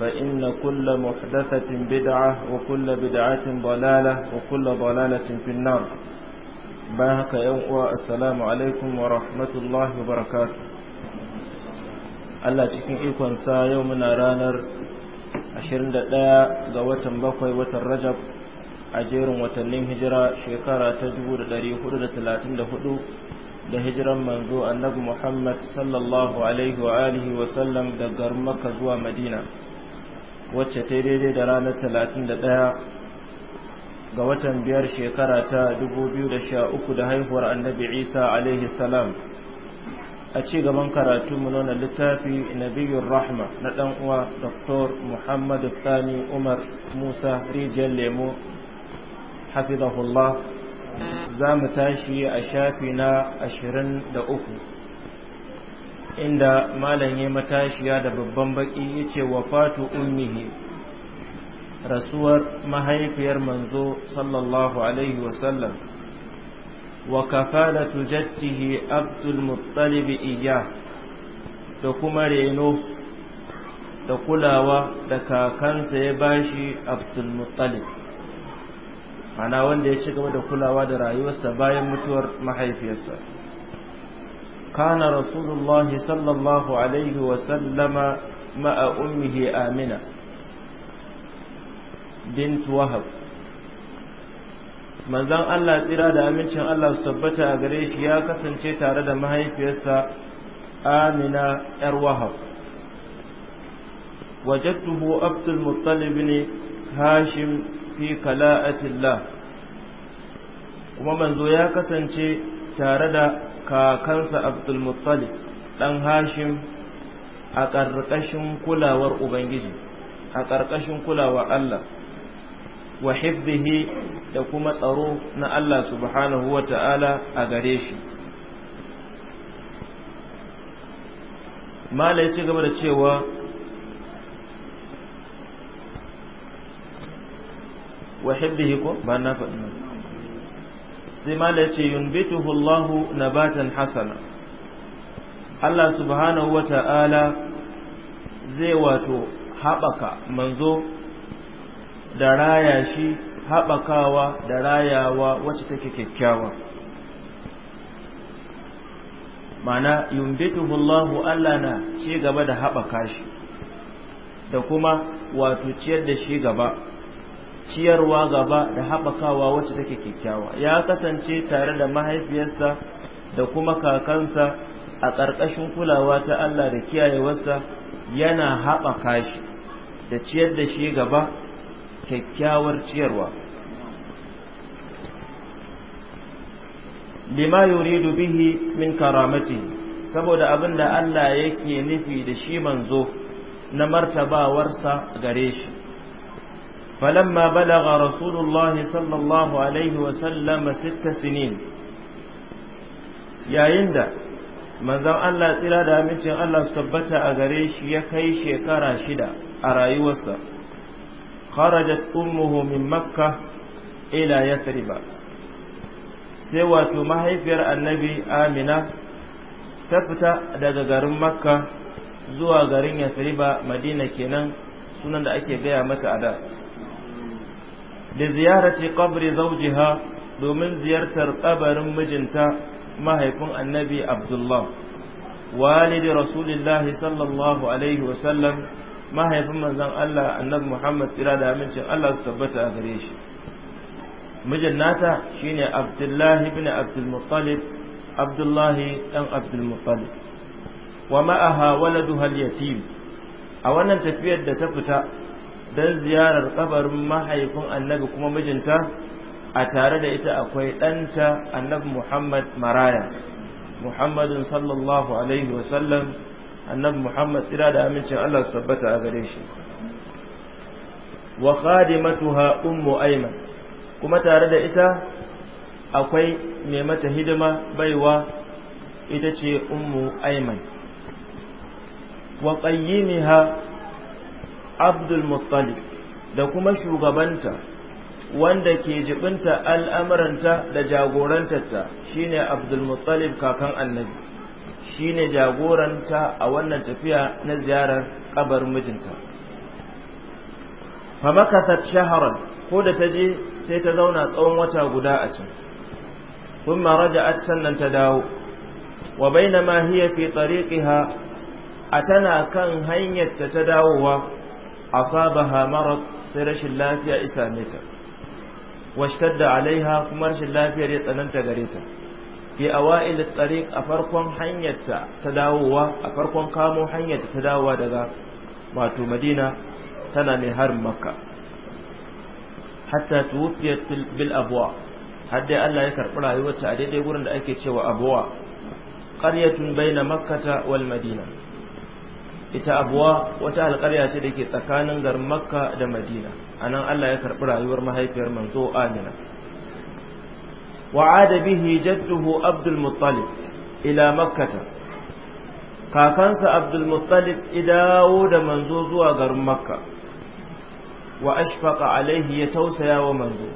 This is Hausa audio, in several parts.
فإن كل محدثة بدعة وكل بدعة ضلالة وكل ضلالة في النار باهك يوم السلام عليكم ورحمة الله وبركاته Allah cikin ikonsa yau muna ranar 21 ga watan bakwai watan Rajab a jerin watannin hijira shekara ta 1434 da hijiran manzo annabi Muhammad sallallahu alaihi wa alihi wa sallam daga Makka zuwa Madina wacce ta daidai da ranar talatin da ɗaya ga watan biyar shekara ta dubu biyu da sha uku da haihuwar annabi isa alaihi salam a ci gaban karatu mu nuna littafi nabiyun rahma na ɗan uwa dr Muhammadu sani umar musa rijiyar lemo hafizahullah za mu tashi a shafi na ashirin da uku inda malam ya matashiya da babban baki yace wafatu ummihi rasuwar mahaifiyar manzo sallallahu alaihi wa sallam wa kafalatu jaddihi abdul muttalib iya da kuma reno da kulawa da kakansa ya bashi abdul muttalib ana wanda ya ci gaba da kulawa da rayuwarsa bayan mutuwar mahaifiyarsa كان رسول الله صلى الله عليه وسلم مع أمه آمنة بنت وهب manzon Allah tsira da amincin Allah su tabbata a gare shi ya kasance tare da mahaifiyarsa Amina yar Wahab wajadtuhu Abdul Muttalib ne Hashim fi kala'atillah kuma manzo ya kasance tare da kakansa Abdul Muttalib ɗan hashim a ƙarƙashin kulawar ubangiji a ƙarƙashin kulawar allah wa hifzihi da kuma tsaro na allah subhanahu wa ta'ala a gare shi mala ya ci gaba da cewa wa hifzihi ko ba na faɗi sai mala ce yunbituhu Allahu nabatan hasana Allah subhanahu wata'ala zai wato habaka manzo da raya shi haɓakawa da rayawa wacce take kyakkyawa mana yunbituhu Allahu Allah na ci gaba da haɓaka shi da kuma wato ciyar da shi gaba ciyarwa gaba da haɓakawa wacce take kyakkyawa ya kasance tare da mahaifiyarsa da kuma kakansa a ƙarƙashin kulawa ta Allah da kiyayewarsa yana haɓaka shi da ciyar da shi gaba kyakkyawar ciyarwa lima yuridu bihi min karamati saboda abin da Allah yake nufi da shi manzo na martabawarsa gare shi فلما بلغ رسول الله صلى الله عليه وسلم ست سنين yayin da manzon Allah tsira da amincin Allah su tabbata a gare shi ya kai shekara shida a rayuwarsa kharajat ummuhu min makka ila yathriba sai wato mahaifiyar annabi amina ta fita daga garin makka zuwa garin yathriba madina kenan sunan da ake gaya mata a da li ziyarati qabri zaujiha domin ziyartar ƙabarin mijinta mahaifin annabi abdullah walidi rasulillahi sallallahu alaihi wasallam mahaifin manzon Allah annabi Muhammad tsira da amincin Allah su tabbata a gare shi mijin nata shine Abdullahi bin Abdul Muttalib Abdullahi dan Abdul Muttalib wa ma'aha waladuha al-yatim a wannan tafiyar da ta fita don ziyarar kabarin mahaifin annabi kuma mijinta a tare da ita akwai ɗanta annabi muhammad maraya muhammadin sallallahu alaihi wasallam annabi muhammad tsira da amincin allah su tabbata a gare shi wa khadimatuha ummu aiman kuma tare da ita akwai mai mata hidima baiwa ita ce ummu aiman wa qayyimha abdul muttalib da kuma shugabanta wanda ke jibinta al'amuranta da jagorantarta shine abdul muttalib kakan annabi shine jagoranta a wannan tafiya na ziyarar kabar mijinta famakasar shaharar ko da ta je sai ta zauna tsawon wata guda a can kuma raja'at sannan ta dawo wa bainama hiya fi tariqiha a tana kan hanyar ta dawowa asabaha marad sai rashin lafiya isa washtar da alaiha kuma rashin lafiyar ya tsananta gare ta fi awail at-tariq a farkon hanyarta ta dawowa a farkon kamo hanyarta ta dawowa daga wato Madina tana mai har Makka hatta tuwfiyat bil abwa hadda Allah ya karɓi rayuwarta a daidai wurin da ake cewa abwa qaryatun baina makkata wal madina ita abuwa wata alƙarya ce da ke tsakanin garin makka da madina a nan allah ya karɓi rayuwar mahaifiyar manzo amina wa'ada bihi jadduhu abdul muttalib ila makkata kakansa abdul muttalib idawo da manzo zuwa garin makka wa ashfaqa alaihi ya tausaya wa manzo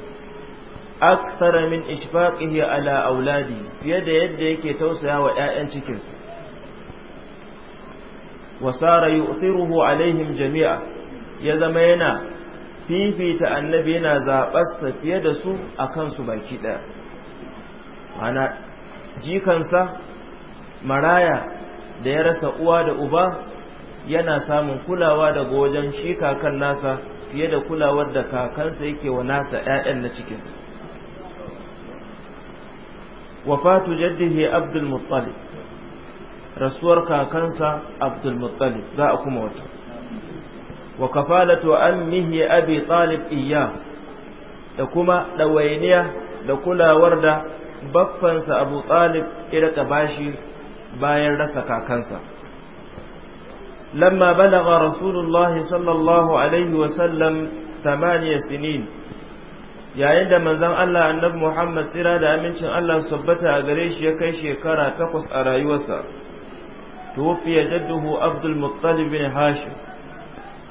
akthara min ishfaqihi ala auladi fiye da yadda yake tausaya wa 'ya'yan cikinsa wa sara yu'thiruhu alaihim jami'a ya zama yana fifita annabi yana zaɓarsa fiye da su a kansu baki ɗaya ana jikansa maraya da ya rasa uwa da uba yana samun kulawa daga wajen shi kakan nasa fiye da kulawar da kakansa yake wa nasa 'ya'yan na cikinsa wafatu jaddihi abdul muttalib rasuwar kakansa abdulmuttalib za a kuma wata wa kafalatu ammihi abi talib iya da kuma ɗawainiya da kulawar da baffansa abu talib irka bashi bayan rasa kakansa lamma balaga rasulullahi sallallahu alaihi wasallam tamaniya sinin yayin da manzon Allah annabi Muhammad sira da amincin Allah subbata tabbata a gare shi ya kai shekara takwas a rayuwarsa توفي جده عبد المطلب بن هاشم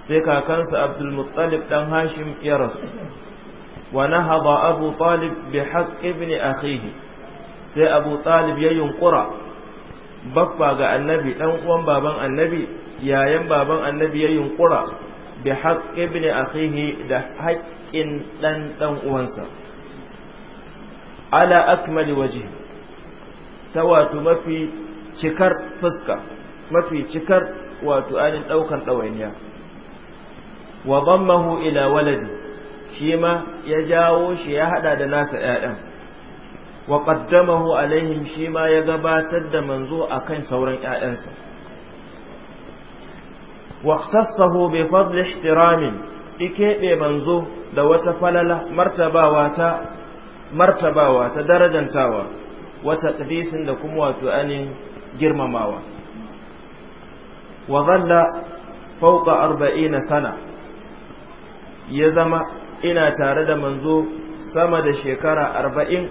سيكا hashim عبد المطلب بن هاشم يرس ونهض أبو طالب بحق ابن أخيه سي أبو طالب ينقرأ baffa ga annabi ɗan uwan baban annabi yayan baban annabi ya yunkura bi haqqi ibn akhihi da haƙƙin ɗan ɗan uwansa ala akmali waje ta wato mafi cikar fuska mafi cikar wato ainihin ɗaukar ɗawainiya wa ila waladi shi ma ya jawo shi ya haɗa da nasa 'ya'yan. wa qaddamahu alaihim shi ma ya gabatar da manzo akan sauran yayansa wa ikhtassahu bi fadli ihtiramin ikebe manzo da wata falala martabawa ta martabawa ta darajantawa wa taqdisin da kuma wato anin girmamawa wa zalla fauka arba'ina sana ya zama ina tare da manzo sama da shekara arba'in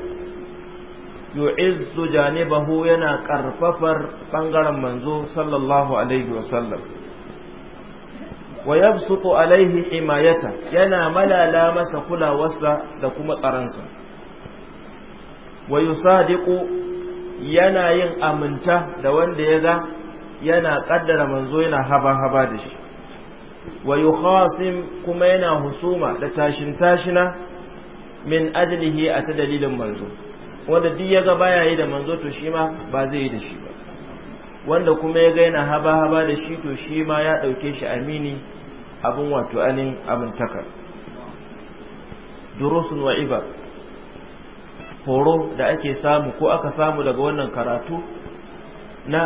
yu'izzu janibahu yana karfafar bangaren manzo sallallahu alaihi wasallam wa yabsutu alaihi himayata yana malala masa kulawarsa da kuma tsaransa wa yusadiqu yana yin aminta da wanda ya ga yana kaddara manzo yana haba-haba da shi wa yukhasim kuma yana husuma da tashin-tashina min ajlihi a ta dalilin manzo wanda duk ya ga baya yi da manzo to shi ma ba zai yi da shi ba wanda kuma ya ga yana haba-haba da shi to shi ma ya ɗauke shi amini abin wato anin amintaka durusun wa ibar horo da ake samu ko aka samu daga wannan karatu na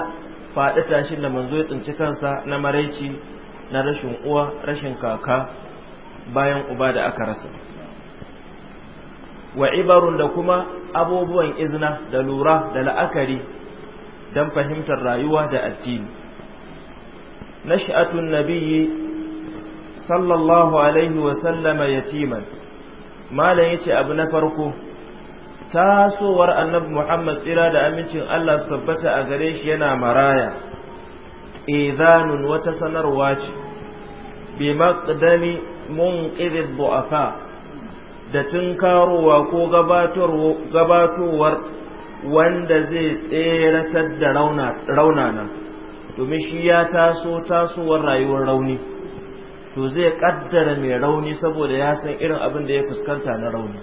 faɗi tashin da manzo ya tsinci kansa na maraici na rashin uwa rashin kaka bayan uba da aka rasa wa ibarun da kuma abubuwan izina da lura da la'akari don fahimtar rayuwa da addini nashi'atun nabiyyi sallallahu alaihi wa sallama yatiman malam ya ce abu na farko tasowar annabi Muhammad tsira da amincin Allah su tabbata a gare shi yana maraya izanun wata sanarwa ce bi maqdami munqidh bu'afa da tunkarowa ko gabatowar wanda zai tseratar da raunana domin shi ya taso tasowar rayuwar rauni to zai ƙaddara mai rauni saboda ya san irin abin da ya fuskanta na rauni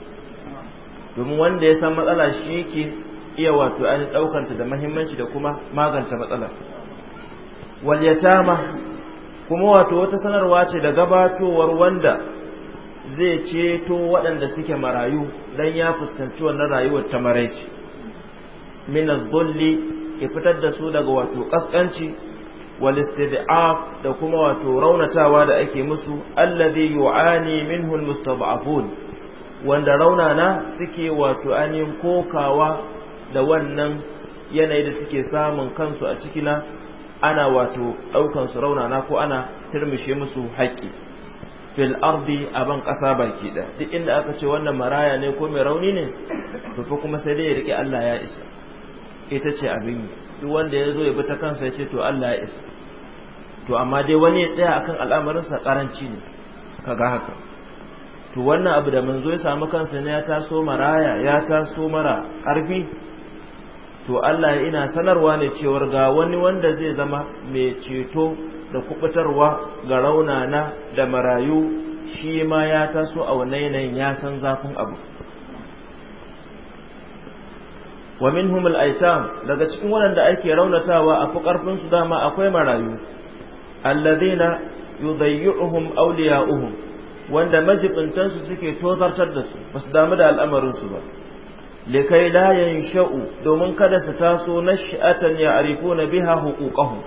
domin wanda ya san matsala shi yake iya wato an ɗaukanta da mahimmanci da kuma magance matsalar wal yatama kuma wato wata sanarwa ce da gabatowar wanda zai ceto waɗanda suke marayu dan ya fuskanci wannan rayuwar ta maraici min az-zulli fitar da su daga wato ƙasƙanci, wal da kuma wato raunatawa da ake musu allazi yu'ani minhu al-mustad'afun wanda rauna na suke wato ainihin kokawa da wannan yanayi da suke samun kansu a cikina ana wato ɗaukansu raunana ko ana turmishe musu haƙƙi fil ardi a ban ƙasa baki da duk inda aka ce wannan maraya ne ko mai rauni ne to fa kuma sai dai ya riƙe Allah ya isa ita ce abin duk wanda ya zo ya bi ta kansa ya ce to Allah ya isa to amma dai wani ya tsaya akan al'amarinsa ƙaranci ne ga haka to wannan abu da manzo ya samu kansa ne ya taso maraya ya taso mara ƙarfi to Allah ya ina sanarwa ne cewar ga wani wanda zai zama mai ceto da kubutarwa ga raunana da marayu shi ma ya taso a wannan yanayin ya san zafin abu wa minhum al-aitam daga cikin waɗanda ake raunatawa a fi ƙarfin su dama akwai marayu alladhina yudayyuhum awliya'uhum wanda majibintansu suke tozartar da su ba damu da al'amarinsu ba likai layan sha'u domin kada su taso na sha'atan ya ariko na biha hukukahu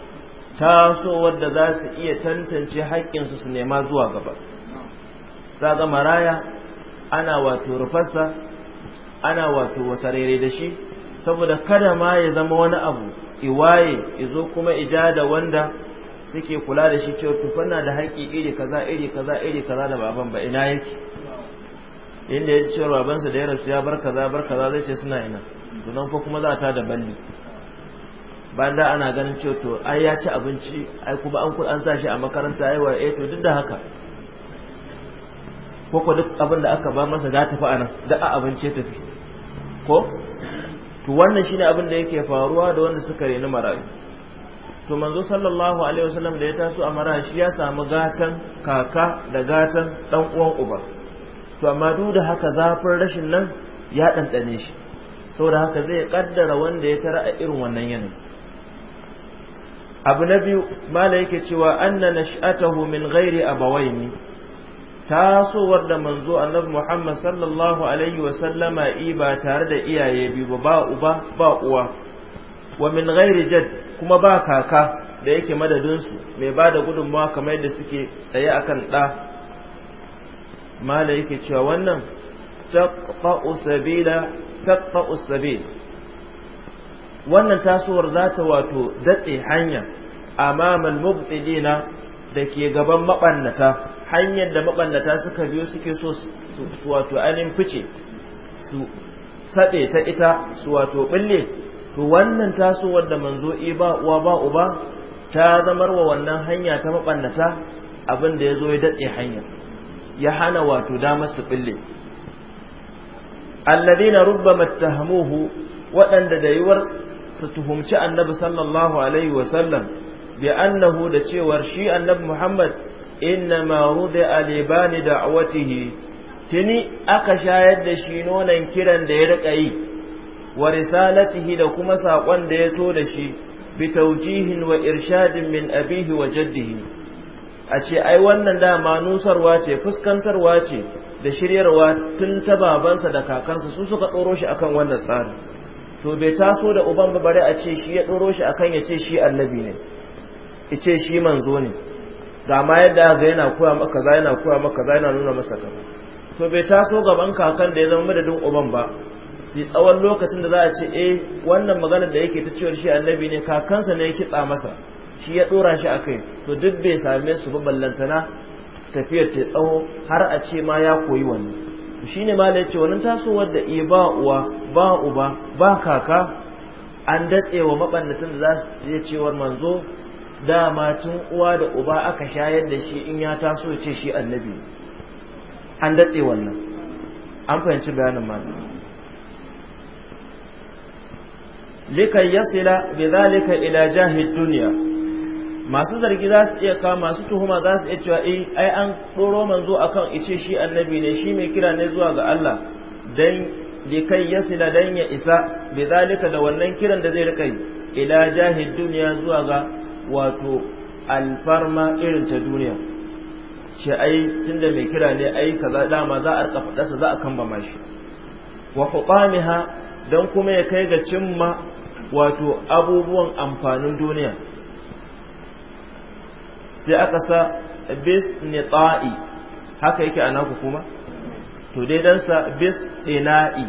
taso wadda za su iya tantance haƙƙinsu su nema zuwa gaba za ga maraya ana wato rufarsa ana wato wasarere da shi saboda kada ma ya zama wani abu iwaye izo kuma ija da wanda suke kula da shi cewa tufanna da haƙƙi iri kaza iri kaza iri kaza da baban ba ina yake inda ya ci cewa babansa da ya rasu ya bar kaza bar kaza zai ce suna ina donan ko kuma za ta da balli bayan da ana ganin cewa to ai ya ci abinci ai kuma an an sa shi a makaranta ai wa eh to duk da haka ko ko duk abin da aka ba masa za ta fi anan da a abinci tafi ko to wannan shine abin da yake faruwa da wanda suka reni marayu to manzo sallallahu alaihi wasallam da ya taso a mara shi ya samu gatan kaka da gatan dan uwan uba to amma duk da haka zafin rashin nan ya dandane shi saboda haka zai kaddara wanda ya tara a irin wannan yanayi abu na biyu mala yake cewa anna nash'atahu min ghairi abawaini tasowar da manzo annabi Muhammad sallallahu alaihi wa sallama ba tare da iyaye biyu ba ba uba ba uwa wa min ghairi jad kuma ba kaka da yake madadin su mai bada gudunmawa kamar yadda suke tsaye akan da mala yake cewa wannan taqta'u sabila wannan tasowar za ta wato datse hanya amamal mubtilina da ke gaban mabannata hanyar da mabannata suka biyo suke so su wato ainihin fice su tsade ta ita su wato bille to wannan tasowar da manzo e ba uwa ba uba ta zamar wa wannan hanya ta mabannata abin da ya zo ya datse hanya ya hana wato damar su bille alladhina rubbama tahamuhu waɗanda da yiwar su tuhumci annabi sallallahu alaihi wa sallam bi annahu da cewar shi annabi muhammad innama Bani alibani da'watihi tuni aka shayar da shi nonon kiran da ya rika yi wa risalatihi da kuma saƙon da ya to da shi bi taujihin wa irshadin min abihi wa jaddihi a ce ai wannan dama nusarwa ce fuskantarwa ce da shiryarwa tun ta babansa da kakansa su suka tsoro shi akan wannan tsari to bai taso da uban ba bare a ce shi ya tsoro shi akan ya ce shi annabi ne ya ce shi manzo ne ga ma yadda ga yana koya maka za yana koya maka za yana nuna masa kaza to bai taso gaban kakan da ya zama madadin uban ba sai tsawon lokacin da za a ce eh wannan maganar da yake ta cewar shi annabi ne kakansa ne ya kitsa masa shi ya dora shi a kai, to duk bai same su ba ballantana tafiyar ta tsawo har a ce ma ya koyi wannan ne ma ce wani tasowar da iya eh, ba uwa ba uba ba kaka an datse wa mabannatin da za su je cewar manzo dama tun uwa da uba aka shayar da shi in ya taso ce shi annabi an datse wannan an fahimci bayanin malam likan yasila bidhalika ila jahid dunya masu zargi za su iya kama masu tuhuma za su iya cewa eh ai an doro manzo akan ice shi annabi ne shi mai kira ne zuwa ga Allah dan likan yasila dan ya isa bidhalika da wannan kiran da zai rika ila jahid dunya zuwa ga wato alfarma irin ta duniya ce ai tunda mai kira ne ai kaza dama za a rika fadarsa za a kamba mashi wa huqamiha don kuma ya kai ga cimma wato abubuwan amfanin duniya sai aka sa bis nita'i haka yake a naku kuma to dai dan sa bis dina'i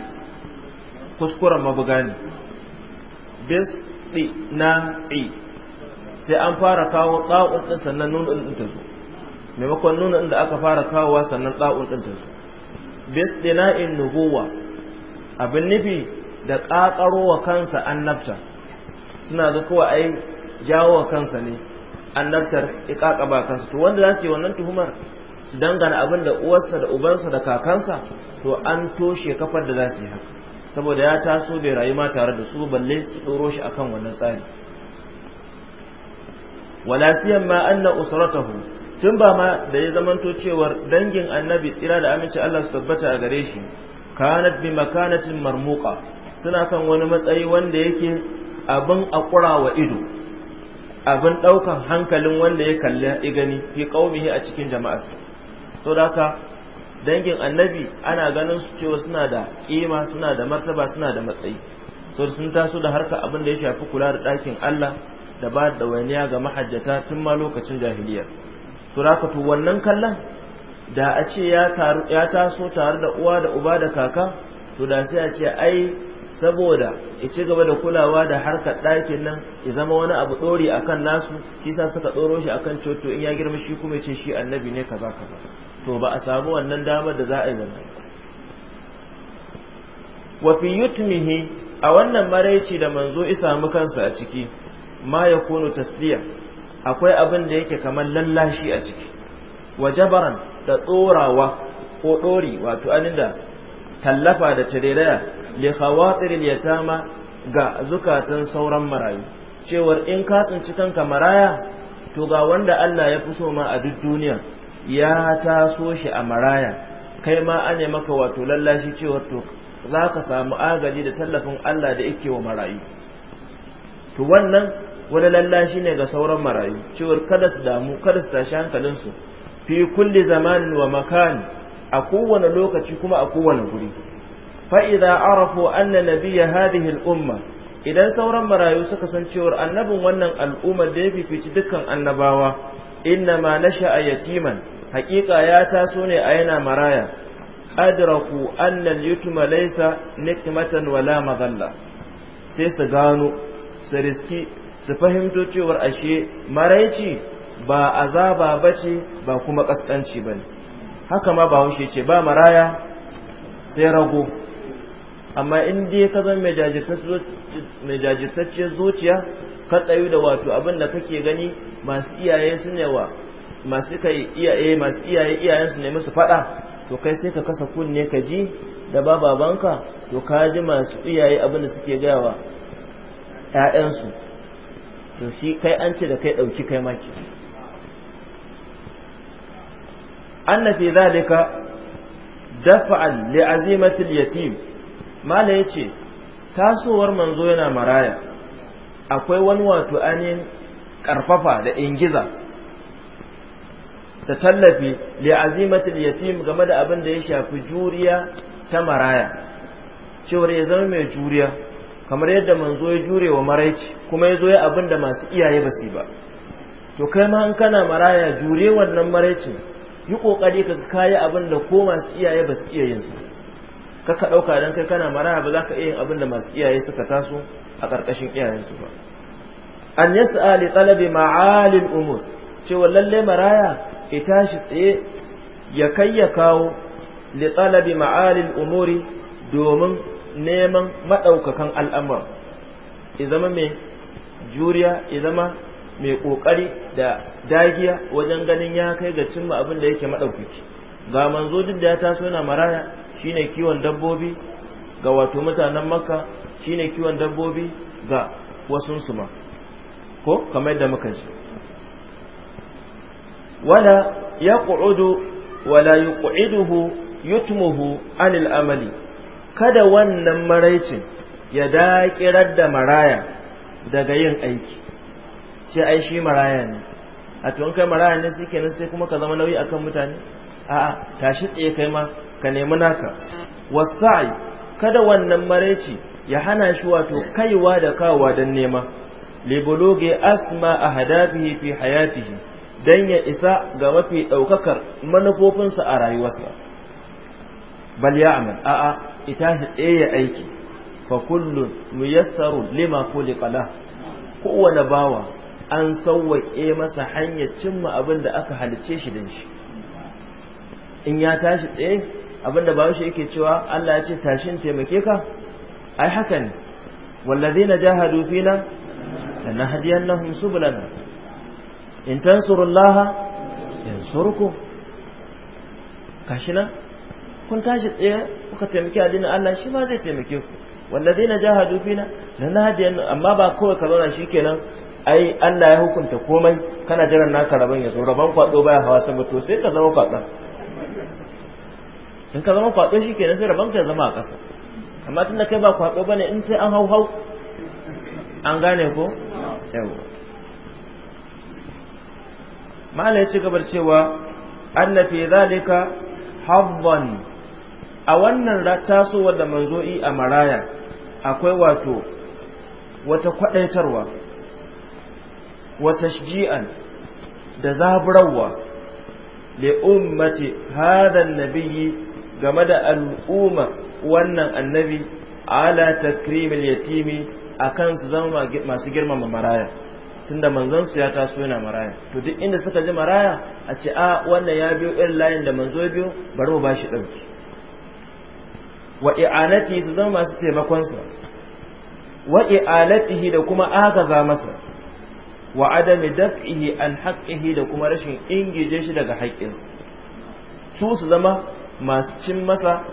kuskuren mabuga ne bis dina'i sai an fara kawo ɗa'un ɗin sannan nunun ɗin ta zo maimakon nunun da aka fara kawowa sannan ɗa'un ɗin ta zo bis ɗina'in nubuwa abin nufi da ƙaƙaro wa kansa annabta suna ga kowa ai jawo wa kansa ne annabtar iƙaƙa ba kansa to wanda za su yi wannan tuhumar su dangana abin da uwarsa da ubansa da kakansa to an toshe kafar da za su yi haka saboda ya taso bai rayu ma tare da su balle su ɗoro shi akan wannan tsari wala siyan ma anna usratahu tun ba ma da ya zamanto cewar dangin annabi tsira da aminci Allah su tabbata a gare shi kanat bi makanatin marmuqa suna kan wani matsayi wanda yake abin akura wa ido abin ɗaukan hankalin wanda ya kalli ya gani fi ƙaumihi a cikin jama'as. to da dangin annabi ana ganin su cewa suna da ƙima suna da martaba suna da matsayi so sun taso da harka abin da ya shafi kula da ɗakin Allah da ba da waniya ga mahajjata tun ma lokacin jahiliya to da to wannan kallon da a ce ya taso tare da uwa da uba da kaka to da sai a ce ai saboda ya ci gaba da kulawa da harkar ɗakin nan ya zama wani abu ɗori akan nasu kisa suka ɗoro shi akan coto in ya girma shi kuma ce shi annabi ne kaza kaza to ba a samu wannan damar da za a yi zama wa yutmihi a wannan maraici da manzo isa mu kansa a ciki ma ya kono tasliya akwai abin da yake kamar lallashi a ciki wa jabaran da tsorawa ko ɗori wato anin tallafa da tireraya li khawatiril yatama ga zukatan sauran marayu cewar in ka tsinci kanka maraya to ga wanda Allah ya fi so ma a duk duniya ya taso shi a maraya kai ma an maka wato lallashi cewar to za ka samu agaji da tallafin Allah da yake wa marayu to wannan wani lallashi ne ga sauran marayu cewar kada su damu kada su tashi hankalinsu fi kulli zamanin wa makan a kowane lokaci kuma a kowane guri arafu عرفوا أن ya هذه umma idan sauran marayu suka san cewar annabin wannan al'ummar da ya fici dukkan annabawa inna ma nasha'a yatiman haƙiƙa ya taso ne a yana maraya adraku annal yutuma laysa nikmatan wala madalla sai su gano su riski su fahimto cewar ashe maraici ba azaba bace ba kuma kaskanci bane haka ma ba haushe ce ba maraya sai rago amma in dai ka zama mai jajirtacciyar zuciya ka tsayu da wato abin da kake gani masu iyaye su ne wa masu kai iyaye masu iyaye iyayen su ne musu faɗa to kai sai ka kasa kunne ka ji da ba babanka to ka ji masu iyaye abin da suke gaya wa ƴaƴansu to shi kai an ce da kai ɗauki kai maki anna fi zalika dafa'an liazimatil yatim mala ce tasowar manzo yana maraya akwai wani wato anin karfafa da ingiza ta tallafi li yatim game da abin da ya shafi juriya ta maraya cewar ya zama mai juriya kamar yadda manzo ya jure wa maraici kuma ya zo ya abin da masu iyaye ba su ba to kai ma an kana maraya jure wannan maraicin yi ƙoƙari ka kayi abin da ko masu iyaye ba su iya yin su kaka ɗauka don kai kana maraya ba za ka iya yin abin da masu iyaye suka taso a ƙarƙashin iyayensu ba an yi sa'ali talabi ma'alin umur cewa lalle maraya ya tashi tsaye ya kai ya kawo li talabi ma'alin umuri domin neman maɗaukakan al'amur ya zama mai juriya ya zama mai ƙoƙari da dagiya wajen ganin ya kai ga cimma abin da yake maɗaukaki ga manzo duk da ya taso yana maraya shine kiwon dabbobi ga wato mutanen makka shine kiwon dabbobi ga wasunsu ma ko kamar yadda muka ji wala ya wala yi ƙu'iduhu yutumuhu anil amali kada wannan maraicin ya daƙirar da maraya daga yin aiki ce ai shi maraya ne a tun kai maraya ne suke nan sai kuma ka zama nauyi akan mutane A'a, tashi tsaye kai ma ka nemi naka wasa'i kada wannan maraici ya hana shi wato kaiwa da kawa don nema libologe asma a hadafihi fi hayatihi don ya isa ga mafi ɗaukakar manufofinsa a rayuwarsa bal ya amal a'a ita shi tsaye aiki fa kullun muyassaru lima khuliqa la kowane bawa an sawwake masa hanyar cimma abin da aka halice shi dan shi in ya tashi tsaye abinda ba shi yake cewa Allah ya ce tashin taimake ka ai haka ne wallazina jahadu fina lanahdiyannahum subulana in tansurullaha yansurkum kashi kun tashi tsaye kuka taimaki addinin Allah shi ma zai taimake ku wallazina jahadu fina lanahdiyan amma ba kawai ka zauna shikenan ai Allah ya hukunta komai kana jiran naka rabon ya zo rabon kwatso baya hawa sama to sai ka zama kwatsa in ka zama kwaɗo shi ke sai rabon ya zama a ƙasa amma tun da kai ba kwaɗo ba ne in sai an hau hau an gane ko yau ma'ana ya ci gabar cewa anna fi zalika habban a wannan tasowa da manzo'i a maraya akwai wato wata kwaɗaitarwa wata shiji'an da zaburarwa li ummati hadan nabiyyi game da al'umma wannan annabi ala takrimil yatimi akan su zama masu girmama maraya tunda manzon su ya taso yana maraya to duk inda suka ji maraya a ce a ah, wannan ya biyo irin layin da manzo ya biyo bari mu bashi dauki wa i'anati su zama masu taimakon wa i'alatihi da kuma aka za masa wa adami daf'ihi an haqqihi da kuma rashin ingije shi daga haƙƙinsa su su zama masu cin masa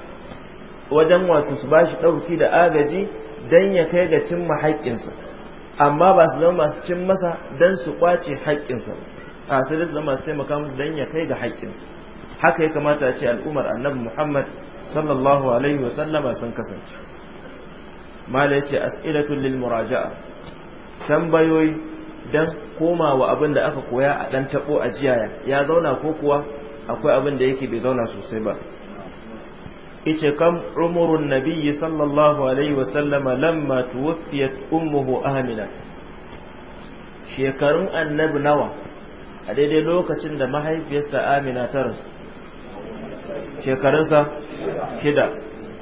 wajen wato su bashi ɗauki da agaji don ya kai ga cin haƙƙinsa amma ba su zama masu cin masa don su ƙwace haƙƙinsa a sai su zama su taimaka musu don ya kai ga haƙƙinsa haka ya kamata a ce al'ummar annabi muhammad sallallahu alaihi wa sallama sun kasance mala ya ce as'ilatul lil muraja'a tambayoyi dan koma wa abin da aka koya a dan tabo a jiya ya zauna ko kuwa akwai abin da yake bai zauna sosai ba ice kam umurun nabiyyi sallallahu alaihi wasallama lamma tuwaffiyat ummuhu amina shekarun annabi nawa a daidai lokacin da mahaifiyarsa amina ta rasu shekarunsa shida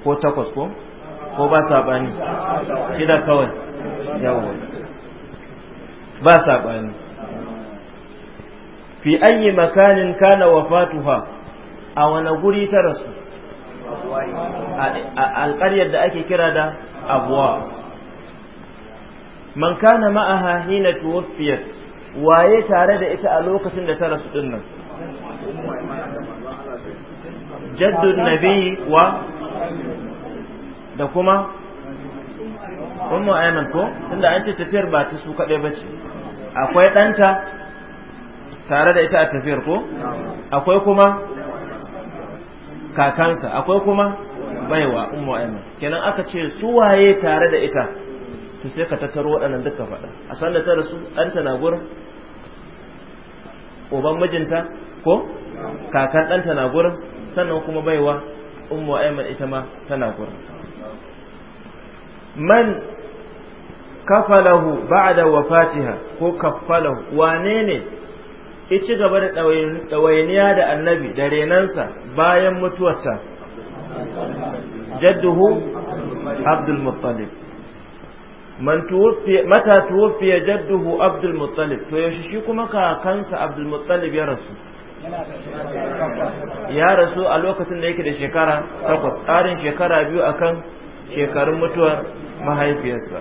ko takwas ko ko ba saɓani shida kawai yawon ba saɓani fi ayi makanin kana wafatuha a wani guri ta rasu alƙaryar da ake kira da abuwa man kana ma'aha hina tuwaffiyat waye tare da ita a lokacin da ta rasu din nan jaddun nabi wa da kuma ummu ayman ko tunda an ce tafiyar ba ta su kaɗai ba ce akwai ɗanta tare da ita a tafiyar ko akwai kuma kakansa akwai kuma baiwa ummu aiman kenan aka ce su waye tare da ita to sai ka tattaro waɗannan duka faɗa a sanda ta rasu an na gurin uban mijinta ko kakan ɗan na gurin sannan kuma baiwa ummu aiman ita ma tana gurin man kafalahu ba'da wafatiha ko kafalahu wane ne ya ci gaba da ɗawainiya da annabi da renansa bayan mutuwarta jadduhu abdul muttalib mata tuwafiya jadduhu abdul muttalib to yaushe shi kuma kakansa abdul muttalib ya rasu ya rasu a lokacin da yake da shekara takwas tsarin shekara biyu akan shekarun mutuwar mahaifiyarsa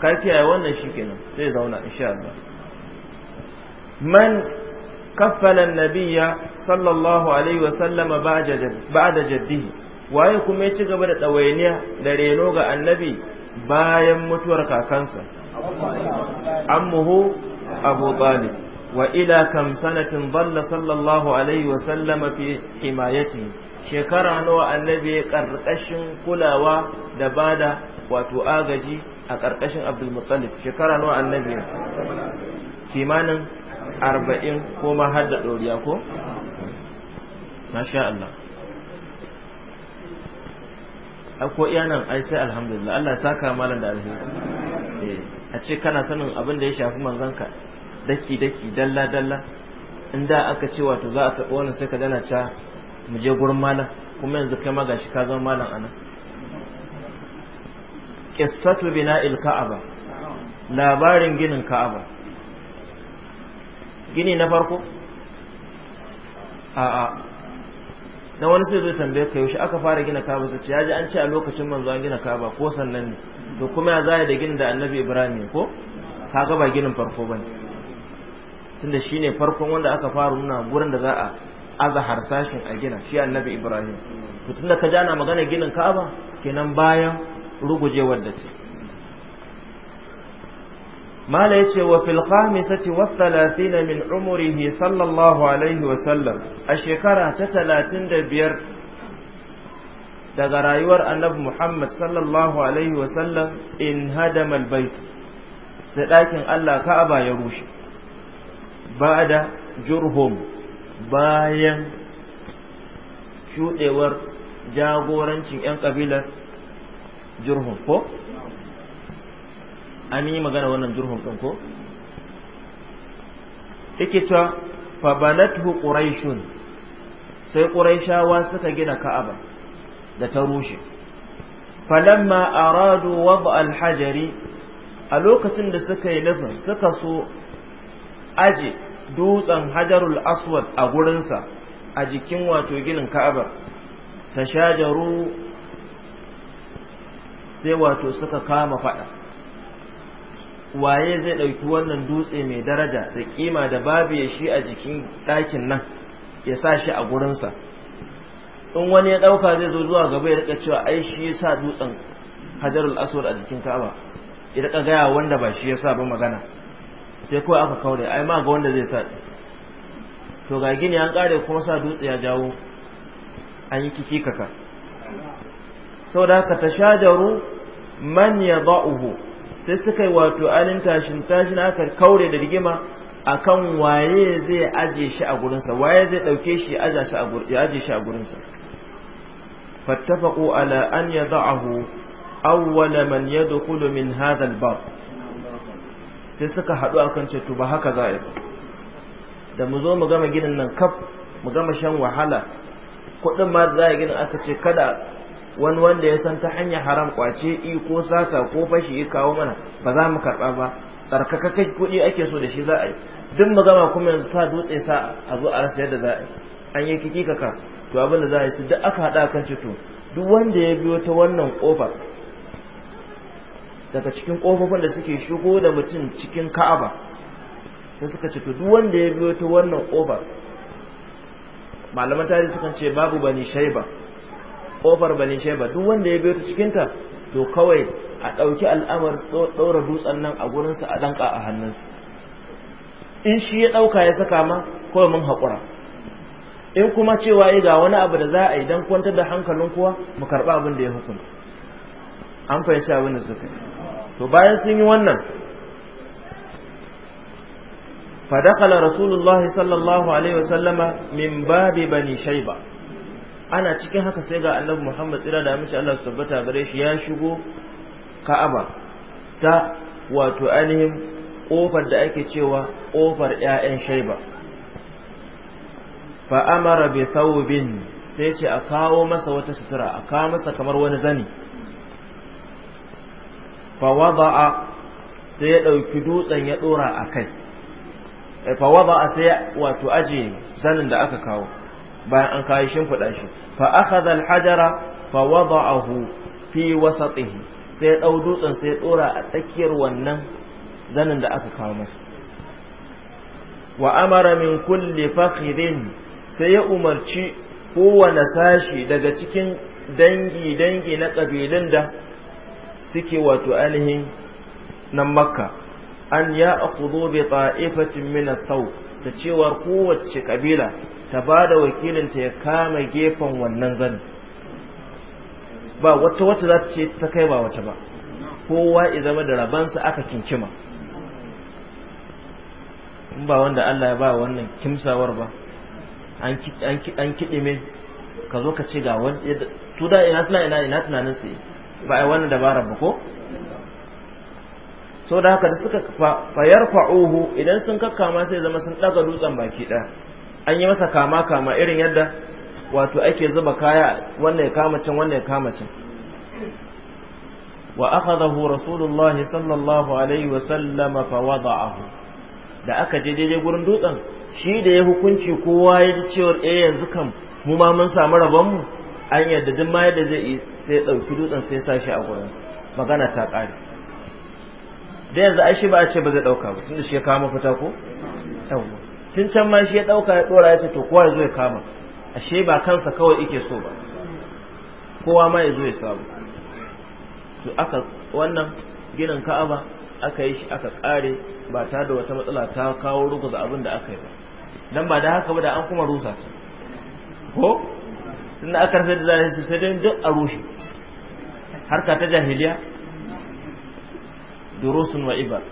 ka kiyaye wannan shi kenan sai zauna insha Allah man kaffala nabiya sallallahu alaihi wasallama ba'da jaddihi waye kuma ya ci gaba da ɗawainiya da reno ga annabi bayan mutuwar kakansa ammuhu abu talib wa ila kam sanatin dalla sallallahu alaihi wa wasallama fi himayati shekara nawa annabi ya karkashin kulawa da bada wato agaji a karkashin abdul muttalib shekara nawa annabi kimanin arba'in ko ma har da ɗoriya ko? masha Allah ko iya nan ai sai alhamdulillah Allah ya saka malam da alheri eh, a ce kana sanin abin da ya shafi manzanka daki daki dalla dalla in da aka ce wato za a taɓa wannan sai ka dana ca mu je gurin malam kuma yanzu kai ma gashi ka zama malam anan qissatu bina'il ka'aba labarin ginin ka'aba gini na farko a'a na wani sai zai tambaye ka yaushe aka fara gina kaba su ce yaji an ce a lokacin manzo an gina kaba ko sannan ne to kuma ya zai da ginin da annabi ibrahim ko kaga ba ginin farko bane tunda shine farkon wanda aka fara nuna gurin da za a aza harsashin a gina shi annabi ibrahim to tunda ka jana magana ginin kaba kenan bayan rugujewar da ce mala yace wa fil khamisati wa 30 min umrihi alaihi wa sallam a shekara ta 35 daga rayuwar annabi Muhammad sallallahu alaihi wa sallam in hadama al bait sai dakin Allah ka ya rushe ba'da jurhum bayan shuɗewar jagorancin 'yan ƙabilar jurhum ko an yi magana wannan durhum ɗin ko yake cewa fabanathu quraishun sai quraishawa suka gina ka'aba da ta rushe falamma aradu wad'a alhajari, a lokacin da suka yi nufin suka so aje dutsen hajarul aswad a gurinsa a jikin wato ginin ka'aba tashajaru sai wato suka kama fada waye zai ɗauki wannan dutse mai daraja da kima da babu ya shi a jikin ɗakin nan ya sa shi a gurinsa in wani ya ɗauka zai zo zuwa gaba ya rika cewa ai shi ya sa dutsen hajarul aswad a jikin ka'aba ya riƙa gaya wanda ba shi ya sa ba magana sai kawai aka kaure ai ma ga wanda zai sa to ga gini an kare kuma sa dutse ya jawo an yi kiki kaka saboda haka tashajaru man yada'uhu sai suka yi wato alin tashin tashin aka kaure da rigima akan waye zai aje shi a gurinsa waye zai ɗauke shi ya aje shi a gurinsa fattafaqu ala an yada'ahu awwala man yadkhulu min hadha al-bab sai suka haɗu akan ce to ba haka za a yi da mu zo mu gama ginin nan kaf mu gama shan wahala kuɗin ma za a ginin aka ce kada wani wanda ya san ta hanyar haram kwace i ko sata ko fashi ya kawo mana ba za mu karɓa ba kai kuɗi ake so da shi za a yi duk mu gama kuma yanzu sa dutse sa a zo a rasa yadda za a yi an yi kiki kaka to abin da za a yi su duk aka haɗa kan to duk wanda ya biyo ta wannan ƙofa daga cikin ƙofofin da suke shigo da mutum cikin ka'aba sai suka ce to duk wanda ya biyo ta wannan ƙofa malaman tarihi sukan ce babu bani shaiba kofar bani sheba duk wanda ya biyo ta cikin ta to kawai a ɗauki al'amar daura dutsen nan a gurin sa a danka a hannunsa in shi ya ɗauka ya saka ma kawai mun hakura in kuma cewa yi ga wani abu da za a yi dan kwantar da hankalin kowa mu karba abin da ya hukunta an fahimci abin da suka to bayan sun yi wannan fa رسول rasulullahi sallallahu alaihi wasallama min babi bani shayba ana cikin haka sai ga annabi Muhammad tsira da amince Allah su tabbata gare shi ya shigo Ka'aba ta wato ainihin kofar da ake cewa kofar ƴaƴan Shaiba fa amara bi thawbin sai ce a kawo masa wata sutura a kawo masa kamar wani zani fa wada'a sai ya dauki dutsen ya dora akai eh, fa wada'a sai wato aje zanin da aka kawo bayan an kawo shimfiɗa shi fa akhadha al-hajara fa wada'ahu fi wasatihi sai dau dutsen sai dora a tsakiyar wannan zanin da aka kawo masa wa amara min kulli sai ya umarci kowane sashi daga cikin dangi dangi na kabilun da suke wato ainihin nan makka an ya aqudu bi ta'ifatin min ath da cewar kowace kabila ta ba da wakilinta ya kama gefen wannan zani ba wata wata za ta ce ta kai ba wata ba kowa ya zama da rabansa aka kinkima in ba wanda Allah ya ba wannan kimsawar ba an kiɗime ka zo ka ce ga wani to da ina suna ina ina tunanin ba ai wannan dabarar ba ko sau da haka da suka fayar fa'uhu idan sun kakkama sai zama sun ɗaga dutsen baki ɗaya an yi masa kama kama irin yadda wato ake zuba kaya wannan ya kama can wannan ya kama can wa akhadahu rasulullahi sallallahu alaihi wa sallam fa wada'ahu da aka je daidai gurin dutsen shi da ya hukunci kowa ya ji cewa eh yanzu kam mu ma mun samu rabon mu an yadda duk ma yadda zai sai ya dauki dutsen sai ya sa shi a gurin magana ta ƙare da yanzu ai shi ba a ce ba zai dauka ba tunda shi ya kama fita ko yawa tun can ma shi ya dauka ya dora ya ce to kowa ya zo ya kama ashe ba kansa kawai yake so ba kowa ma ya zo ya samu to aka wannan ginin ka'aba aka yi shi aka kare ba ta da wata matsala ta kawo ruguza abin da aka yi ba dan ba da haka ba da an kuma rusa ta ko tunda aka rasa da zai su sai dai duk a rushe harka ta jahiliya durusun wa ibar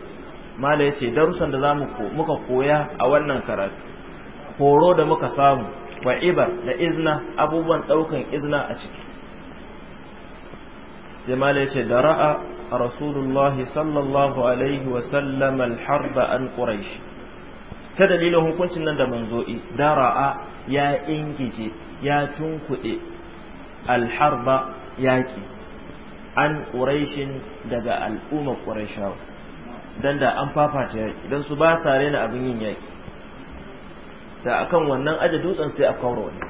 mala yace darusan da zamu muka koya a wannan karatu horo da muka samu wa ibar da izna abubuwan daukan izna a ciki sai mala yace dara'a rasulullahi sallallahu alaihi wa sallam al-harba an quraish ta dalilin hukuncin nan da manzo'i dara'a ya ingije ya tunkuɗe alharba yaƙi an ƙuraishin daga al'ummar ƙuraishawa don da an fafata yaƙi don su ba sa rena abin yin yaƙi da akan wannan aje dutsen sai a kawo wani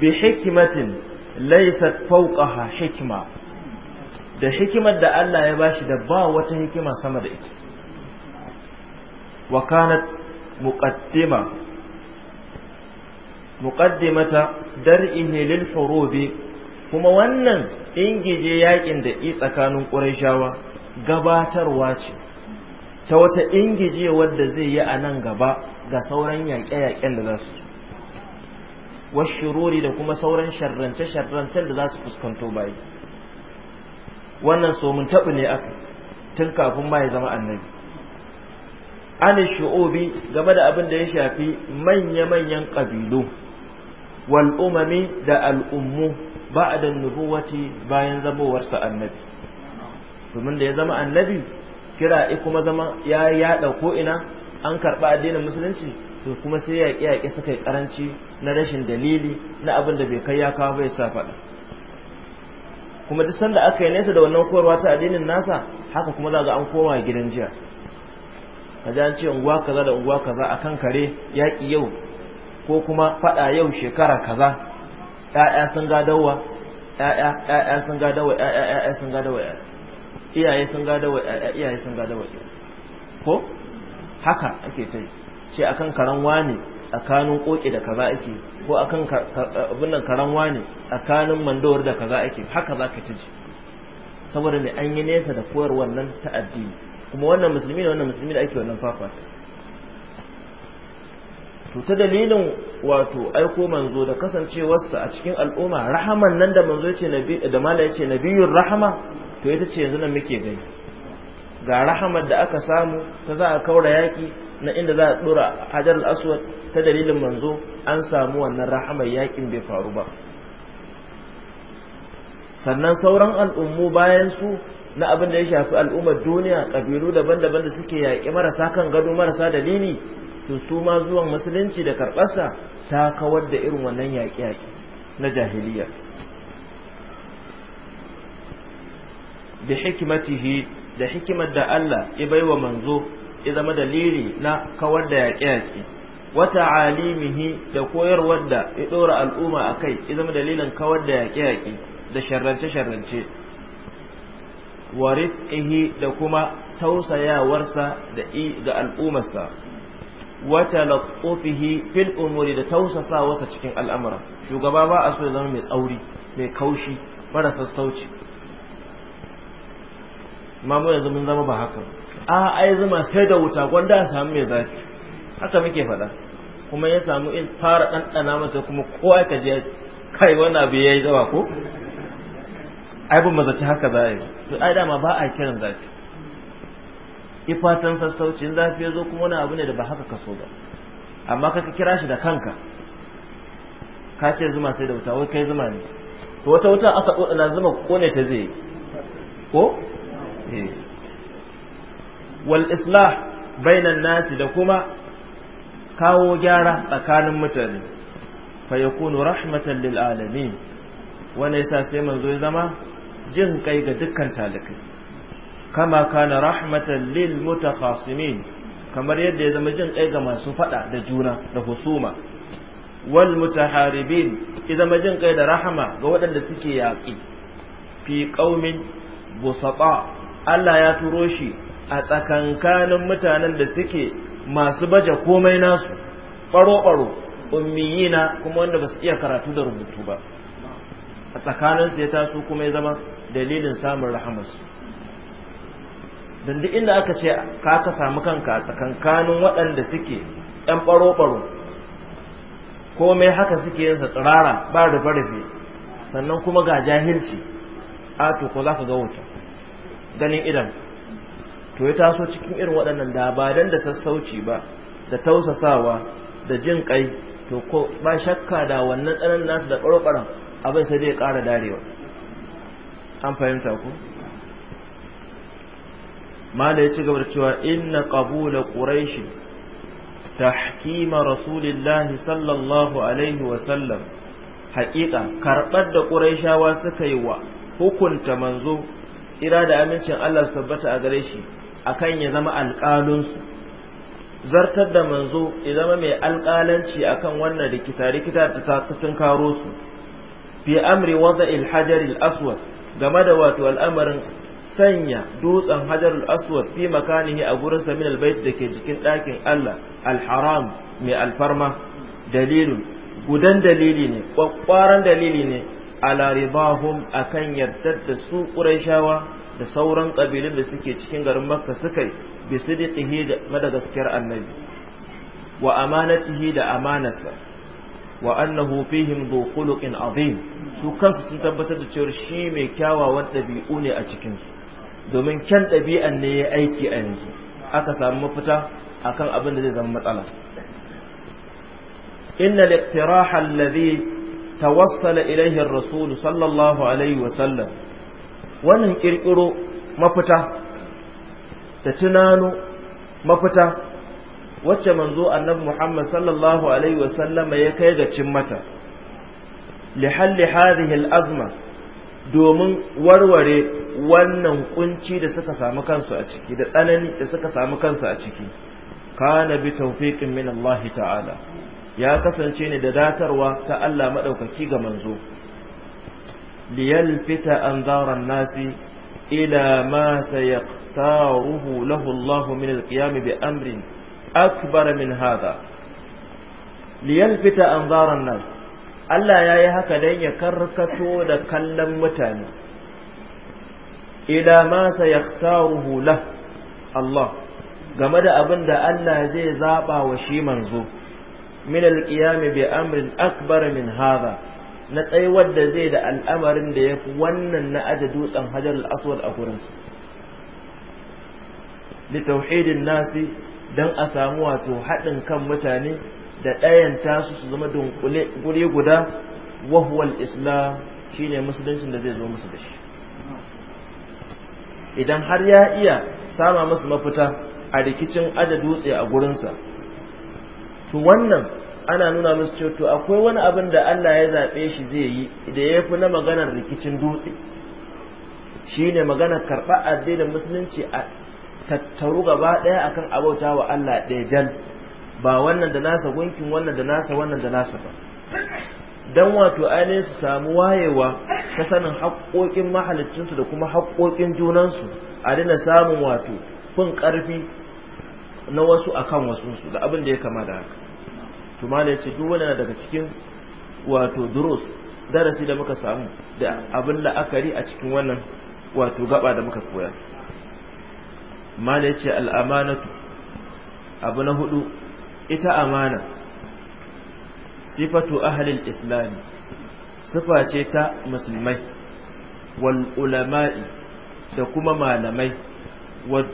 bi hikimatin laysat fawqaha hikma da hikimar da Allah ya bashi da ba wata hikima sama da ita wa kanat muqaddima muqaddimata dar'ihi lil hurubi kuma wannan ingije yakin da i tsakanin ƙurashawa gabatarwa ce ta wata ingije wadda zai yi a nan gaba ga sauran yaƙe-yaƙen da za su washirori da kuma sauran sharrance-sharrancen da za su fuskanto bayi wannan so mun taɓi ne aka tun kafin ma ya zama annabi an shu'ubi game da abin da ya shafi manya-manyan ƙabilu wal umami da al'ummu ba'da nubuwati bayan zamowarsa annabi domin da ya zama annabi kira kuma zama ya yaɗa ko ina an karɓa addinin musulunci to kuma sai ya yaƙe suka yi ƙaranci na rashin dalili na abin da bai kai ya kawo bai sa faɗa kuma duk sanda aka yi nesa da wannan koyarwa ta addinin nasa haka kuma za ga an koma gidan jiya ka an ce unguwa kaza da unguwa kaza akan kare yaƙi yau ko kuma faɗa yau shekara kaza ya'ya sun gadawa ya'ya ya'ya sun gadawa ya'ya ya'ya sun gadawa iyaye sun gadawa ya'ya iyaye sun gadawa ko haka ake ta ce akan karan wani tsakanin koki da kaza ake ko akan abin nan karan wani tsakanin mandawar da kaza ake haka zaka ci saboda ne an yi nesa da koyar wannan ta addini kuma wannan musulmi ne wannan musulmi da ake wannan fafata to ta dalilin wato aiko manzo da kasancewarsa a cikin al'umma rahaman nan da manzo yace nabi da mala yace nabiyur rahama to ita ce yanzu nan muke gani ga rahamar da aka samu ta za a kaura yaki na inda za a dora hajar al ta dalilin manzo an samu wannan rahamar yakin bai faru ba sannan sauran al'ummu bayan su na abin da ya shafi al'ummar duniya ƙabilu daban-daban da suke yaƙi marasa kan gado marasa dalili to su ma zuwan musulunci da karbarsa ta kawar da irin wannan yaƙi-yaƙi na jahiliya bi hikimatihi da hikimar da Allah ya baiwa manzo ya zama dalili na kawar da yaƙi-yaƙi wata alimihi da koyarwar da ya ɗora al'umma a kai ya zama dalilin kawar da yaƙi-yaƙi da sharrance-sharrance wa da kuma tausayawarsa da i ga al'ummarsa wa talaqqufihi fil umuri da tausasa wasa cikin al'amura shugaba ba a so ya zama mai tsauri mai kaushi bara sassauci mamu yanzu mun zama ba haka a ai zama sai da wuta gwanda a samu mai zafi haka muke faɗa kuma ya samu in fara ɗanɗana masa kuma kowa ka je kai wani abu ya yi zawa ko ai bin mazaci haka za a yi to ai dama ba a kiran zafi ifatan sassauci in zafi ya zo kuma wani abu ne da ba haka kaso ba amma ka kira shi da kanka ka ce zuma sai da wuta wai kai zuma ne to wata wuta aka na zuma kone ta zai ko eh. wal islah bainan nasi da kuma kawo gyara tsakanin mutane fa yakunu rahmatan lil alamin wani yasa sai manzo ya zama jin kai ga dukkan talikai kama kana rahmatan lil mutakhasimin kamar yadda ya zama jin kai ga masu fada da juna da husuma wal mutaharibin ya zama jin kai da rahama ga waɗanda suke yaƙi fi qaumin busata Allah ya turo shi a tsakankanin mutanen da suke masu baje komai nasu ɓaro-ɓaro ummiyina kuma wanda ba su iya karatu da rubutu ba a tsakanin su ya taso kuma ya zama dalilin samun rahamarsu don duk inda aka ce ka ka samu kanka tsakankanin waɗanda suke ɗan ɓaro-ɓaro komai haka suke yinsa tsirara ba rufe-rufe sannan kuma ga jahilci a to ko za ka ga wuta ganin idan to ya taso cikin irin waɗannan da ba dan da sassauci ba da tausasawa da jin kai to ko ba shakka da wannan tsananin nasu da ɓaro-ɓaron abin sai zai ƙara darewa an fahimta ku mala ya gaba da cewa inna qabula quraish tahkima rasulillahi sallallahu alaihi wa sallam haƙiƙa karɓar da quraishawa suka yi wa hukunta manzo tsira da amincin Allah su tabbata a gare shi akan ya zama alƙalinsu zartar da manzo ya zama mai alƙalanci akan wannan rikita rikita ta sun karo su fi amri wada alhajar aswad game da wato al'amarin sanya dutsen hajarul aswad fi makanihi a gurin min albayt da ke jikin ɗakin Allah alharam mai alfarma dalilun gudan dalili ne kwakwaran dalili ne ala ribahum akan yardar da su qurayshawa da sauran kabilun da suke cikin garin makka suka bi sidiqihi da gaskiyar annabi wa amanatihi da amanarsa wa annahu fihim dhu khuluqin azim su kansu sun tabbatar da cewa shi mai kyawawan dabi'u ne a cikin domin kyan ɗabi'an ne ya aiki a yanzu aka samu mafita akan abin da zai zama matsala inna liqtiraha alladhi tawassala ilayhi ar-rasul sallallahu alaihi wa sallam wannan kirkiro mafita da tunano mafita wacce manzo annabi Muhammad sallallahu alaihi wa ya kai ga cimmata? mata li hadhihi azma domin warware wannan kunci da suka samu kansu a ciki da tsanani da suka samu kansu a ciki kana bi tawfiqin min Allah ta'ala ya kasance ne da datarwa ta Allah madaukaki ga manzo liyalfita anzaran nasi ila ma sayaqtaruhu lahu Allah min alqiyam bi amrin akbar min hadha liyalfita anzaran nasi Allah ya yi haka don ya karkato da kallon mutane ila ma sayaktaruhu la Allah game da abin da Allah zai zaɓa wa shi manzo min ƙiyami bi amrin akbar min haza na tsaiwar da zai da al'amarin da ya fi wannan na aje dutsen hajar al’aswar a kurinsu li tauhidin nasi dan a samu wato haɗin kan mutane da ɗayan tasu su zama dunkule guri guda wahuwal islam shine musuluncin da zai zo musu da shi idan har ya iya sama musu mafita a rikicin aja dutse a gurinsa to wannan ana nuna musu cewa to akwai wani abin da Allah ya zaɓe shi zai yi da ya fi na maganar rikicin dutse shine maganar karɓar addinin musulunci a tattaru gaba ɗaya akan abauta wa Allah ɗaya jan ba wannan da nasa gunkin wannan da nasa wannan da nasa ba dan wato ainihin su samu wayewa ta sanin haƙoƙin mahalicinsu da kuma haƙoƙin junansu a dina samun wato fin ƙarfi na wasu a kan su da abin da ya kama da haka tuma da ce duk wani daga cikin wato duros darasi da muka samu da abin la'akari a cikin wannan wato gaba da muka koya mala ya ce al'amanatu abu na hudu ita amana sifatu ahlil islami sifa ce ta musulmai wal ulama'i da kuma malamai wad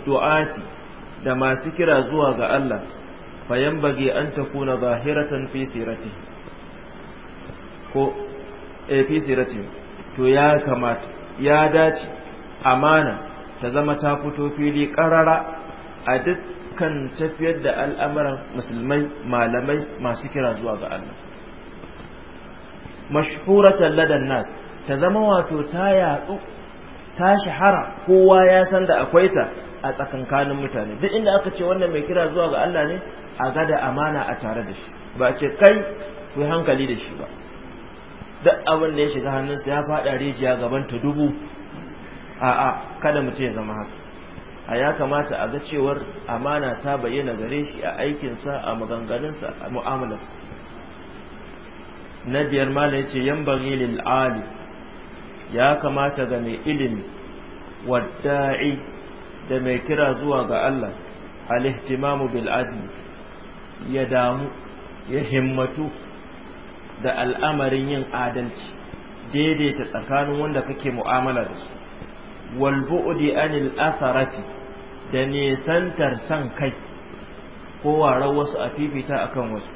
da masu kira zuwa ga Allah fayan bage an ta kuna zahiratan fi sirati ko a eh, fi sirati to ya kamata ya dace amana ta zama ta fito fili karara a duk ayyukan tafiyar da al'amuran musulmai malamai masu kira zuwa ga Allah mashhuratan ladan nas ta zama wato ta yatsu ta shahara kowa ya san da akwai ta a tsakankanin mutane duk inda aka ce wannan mai kira zuwa ga Allah ne a gada amana a tare da shi ba ce kai ku hankali da shi ba duk abin da ya shiga hannunsa ya faɗa rijiya gaban ta dubu a'a kada mu ya zama haka a ya kamata a ga cewar amana ta bayyana gare shi a aikinsa a maganganunsa a mu'amalarsa na biyar mala ya ce yan bari lil'ali ya kamata ga mai ilimi wadda'i da mai kira zuwa ga Allah al-ihtimamu bil ya damu ya himmatu da al'amarin yin adalci daidaita tsakanin wanda kake mu'amala da su wal bu'di anil atharati da nesantar san kai ko warar wasu a fifita akan wasu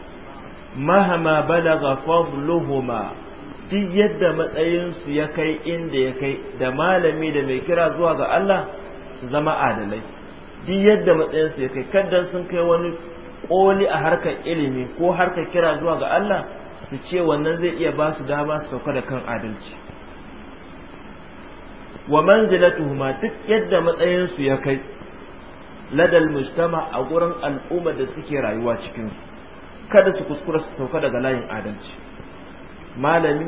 mahama balaga fadluhuma duk yadda matsayinsu ya kai inda ya kai da malami da mai kira zuwa ga Allah su zama adalai duk yadda matsayinsu ya kai kaddan sun kai wani koli a harkar ilimi ko harkar kira zuwa ga Allah su ce wannan zai iya ba su dama su sauka da kan adalci wa manzilatuhuma duk yadda matsayin su ya kai ladal mujtama a gurin al'umma da suke rayuwa cikin su kada su kuskura su sauka daga layin adalci malami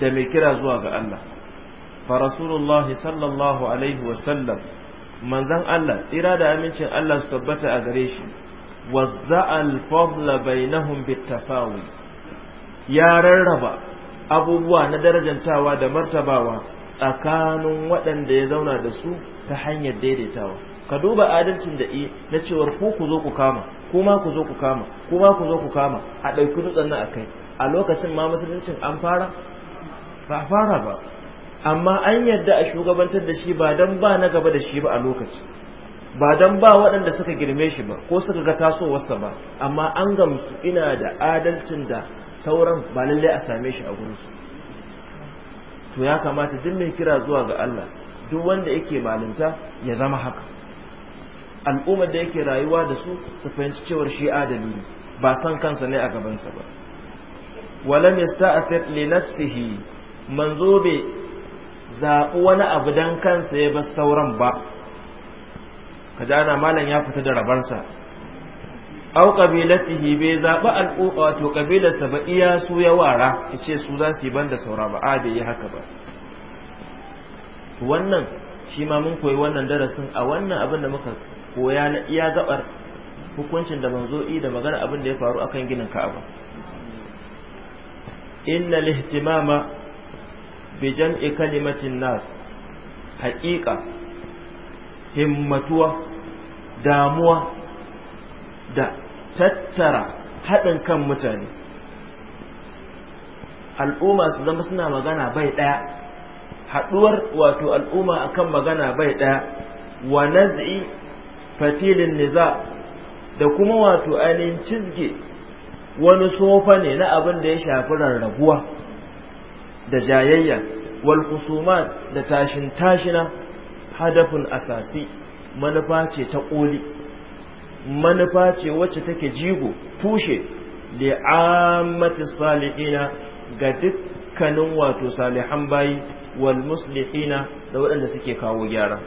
da mai kira zuwa ga Allah fa rasulullah sallallahu alaihi wa sallam manzon Allah tsira da amincin Allah su tabbata a gare shi wazza'a al-fadla bainahum bitasawi ya rarraba abubuwa na darajantawa da martabawa tsakanin waɗanda ya zauna da su ta hanyar daidaitawa ka duba adalcin da i na cewar ku ku zo ku kama ma ku zo ku kama ma ku zo ku kama a ɗauki dutsen a akai a lokacin ma musuluncin an fara ba fara ba amma an yadda a shugabantar da shi ba dan ba na gaba da shi ba a lokaci ba dan ba waɗanda suka girme shi ba ko suka ga tasowarsa ba amma an gamsu ina da adalcin da sauran ba lallai a same shi a gurinsu to ya kamata duk mai kira zuwa ga Allah duk wanda yake malinta ya zama haka al'ummar da yake rayuwa da su su fahimci cewar shi adali ba san kansa ne a gabansa ba walam yasta'athir li nafsihi manzo bai zaɓi wani abu dan kansa ya bar sauran ba kaji ana malam ya fita da rabarsa au kabilatihi bai zaɓi al'umma wato kabilarsa ba iya su ya wara yace su za su yi banda saura ba a bai yi haka ba wannan shi ma mun koyi wannan darasin a wannan abin da muka koya na iya gabar hukuncin da i da magana abin da ya faru akan ginin Ka'aba inna lihtimama bi jam'i kalimatin nas haƙiƙa himmatuwa damuwa da tattara haɗin kan mutane al'umma su zama suna magana bai ɗaya haɗuwar wato al'umma akan magana bai ɗaya wa naz'i fatilin niza da kuma wato ainihin cizge wani sofa ne na abin da ya shafi rarrabuwa da jayayya wal kusumat da tashin tashina hadafin asasi manufa ce ta ƙoli manufa ce wacce take jigo tushe li ammati salihina ga dukkanin wato salihan bayi wal muslihina da waɗanda suke kawo gyara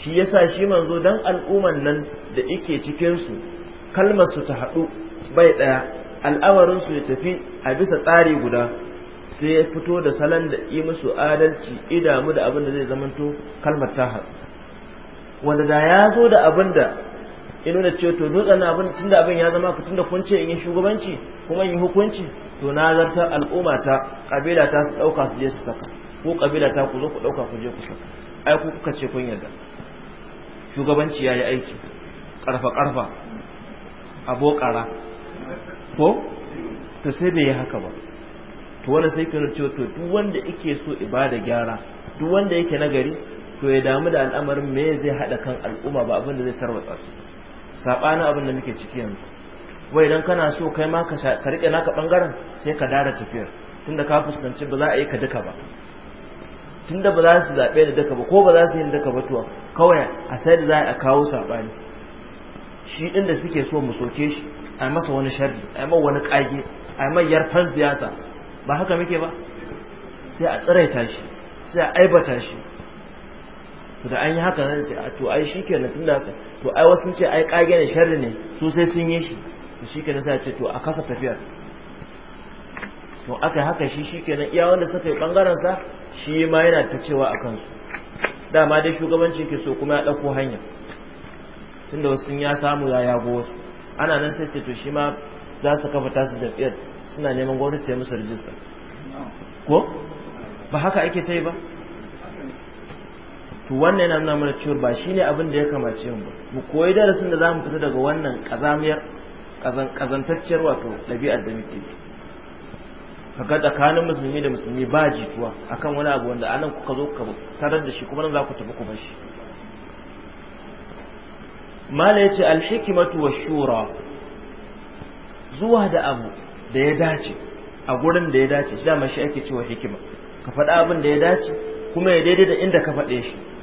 shi yasa shi manzo dan al'umman nan da yake cikin su kalmar su ta haɗu bai ɗaya al'amarin su ya tafi a bisa tsari guda sai ya fito da salon da yi musu adalci idamu da abin da zai zamanto kalmar ta haɗu wanda da ya zo da abin da ya nuna ce to na abin tun da abin ya zama ku tun da kun ce in yi shugabanci kuma in yi hukunci to na zarta al'umma ta kabila ta su ɗauka su je su saka ko kabila ta ku zo ku ɗauka ku je ku saka ai ku kuka ce kun yarda shugabanci ya yi aiki ƙarfa ƙarfa abokara ko to sai bai yi haka ba to wani sai ka ce to duk wanda yake so ibada gyara duk wanda yake nagari to ya damu da al'amarin me zai haɗa kan al'umma ba abin da zai tarwatsa su saɓanin abin da muke ciki yanzu wai idan kana so kai ma ka rike naka bangaren sai ka dara tafiyar tunda ka fuskanci ba za a yi ka duka ba tunda ba za su zaɓe da duka ba ko ba za su yi duka ba to kawai a sai da za a kawo saɓani shi inda da suke so mu soke shi a masa wani sharri a mai wani ƙage a mai yarfan siyasa ba haka muke ba sai a tsiraita shi sai a aibata shi to da an yi haka nan sai to ai shi kenan tunda haka to ai wasu ce ai kage ne sharri ne su sai sun yi shi to shi kenan sai ce to a kasa tafiya to aka haka shi shi kenan iya wanda suka yi bangaren sa shi ma yana ta cewa a kansu dama dai shugabanci ke so kuma ya dauko hanya tunda wasu sun ya samu ya yago wasu ana nan sai ce to shi ma za su kafa tasu jam'iyyar suna neman gwamnati ta yi musu rijista ko ba haka ake ta yi ba to wannan yana nuna mana cewa ba shine abin da ya kamace mu mu koyi darasin da zamu fita daga wannan kazamiyar kazantacciyar wato dabi'ar da muke kaga tsakanin musulmi da musulmi ba jituwa akan wani abu wanda anan kuka zo ka tarar da shi kuma nan za ku tafi ku bar shi mala yace alhikmatu shura zuwa da abu da ya dace a gurin da ya dace shi ma shi ake cewa hikima ka faɗa abin da ya dace kuma ya daidai da inda ka faɗe shi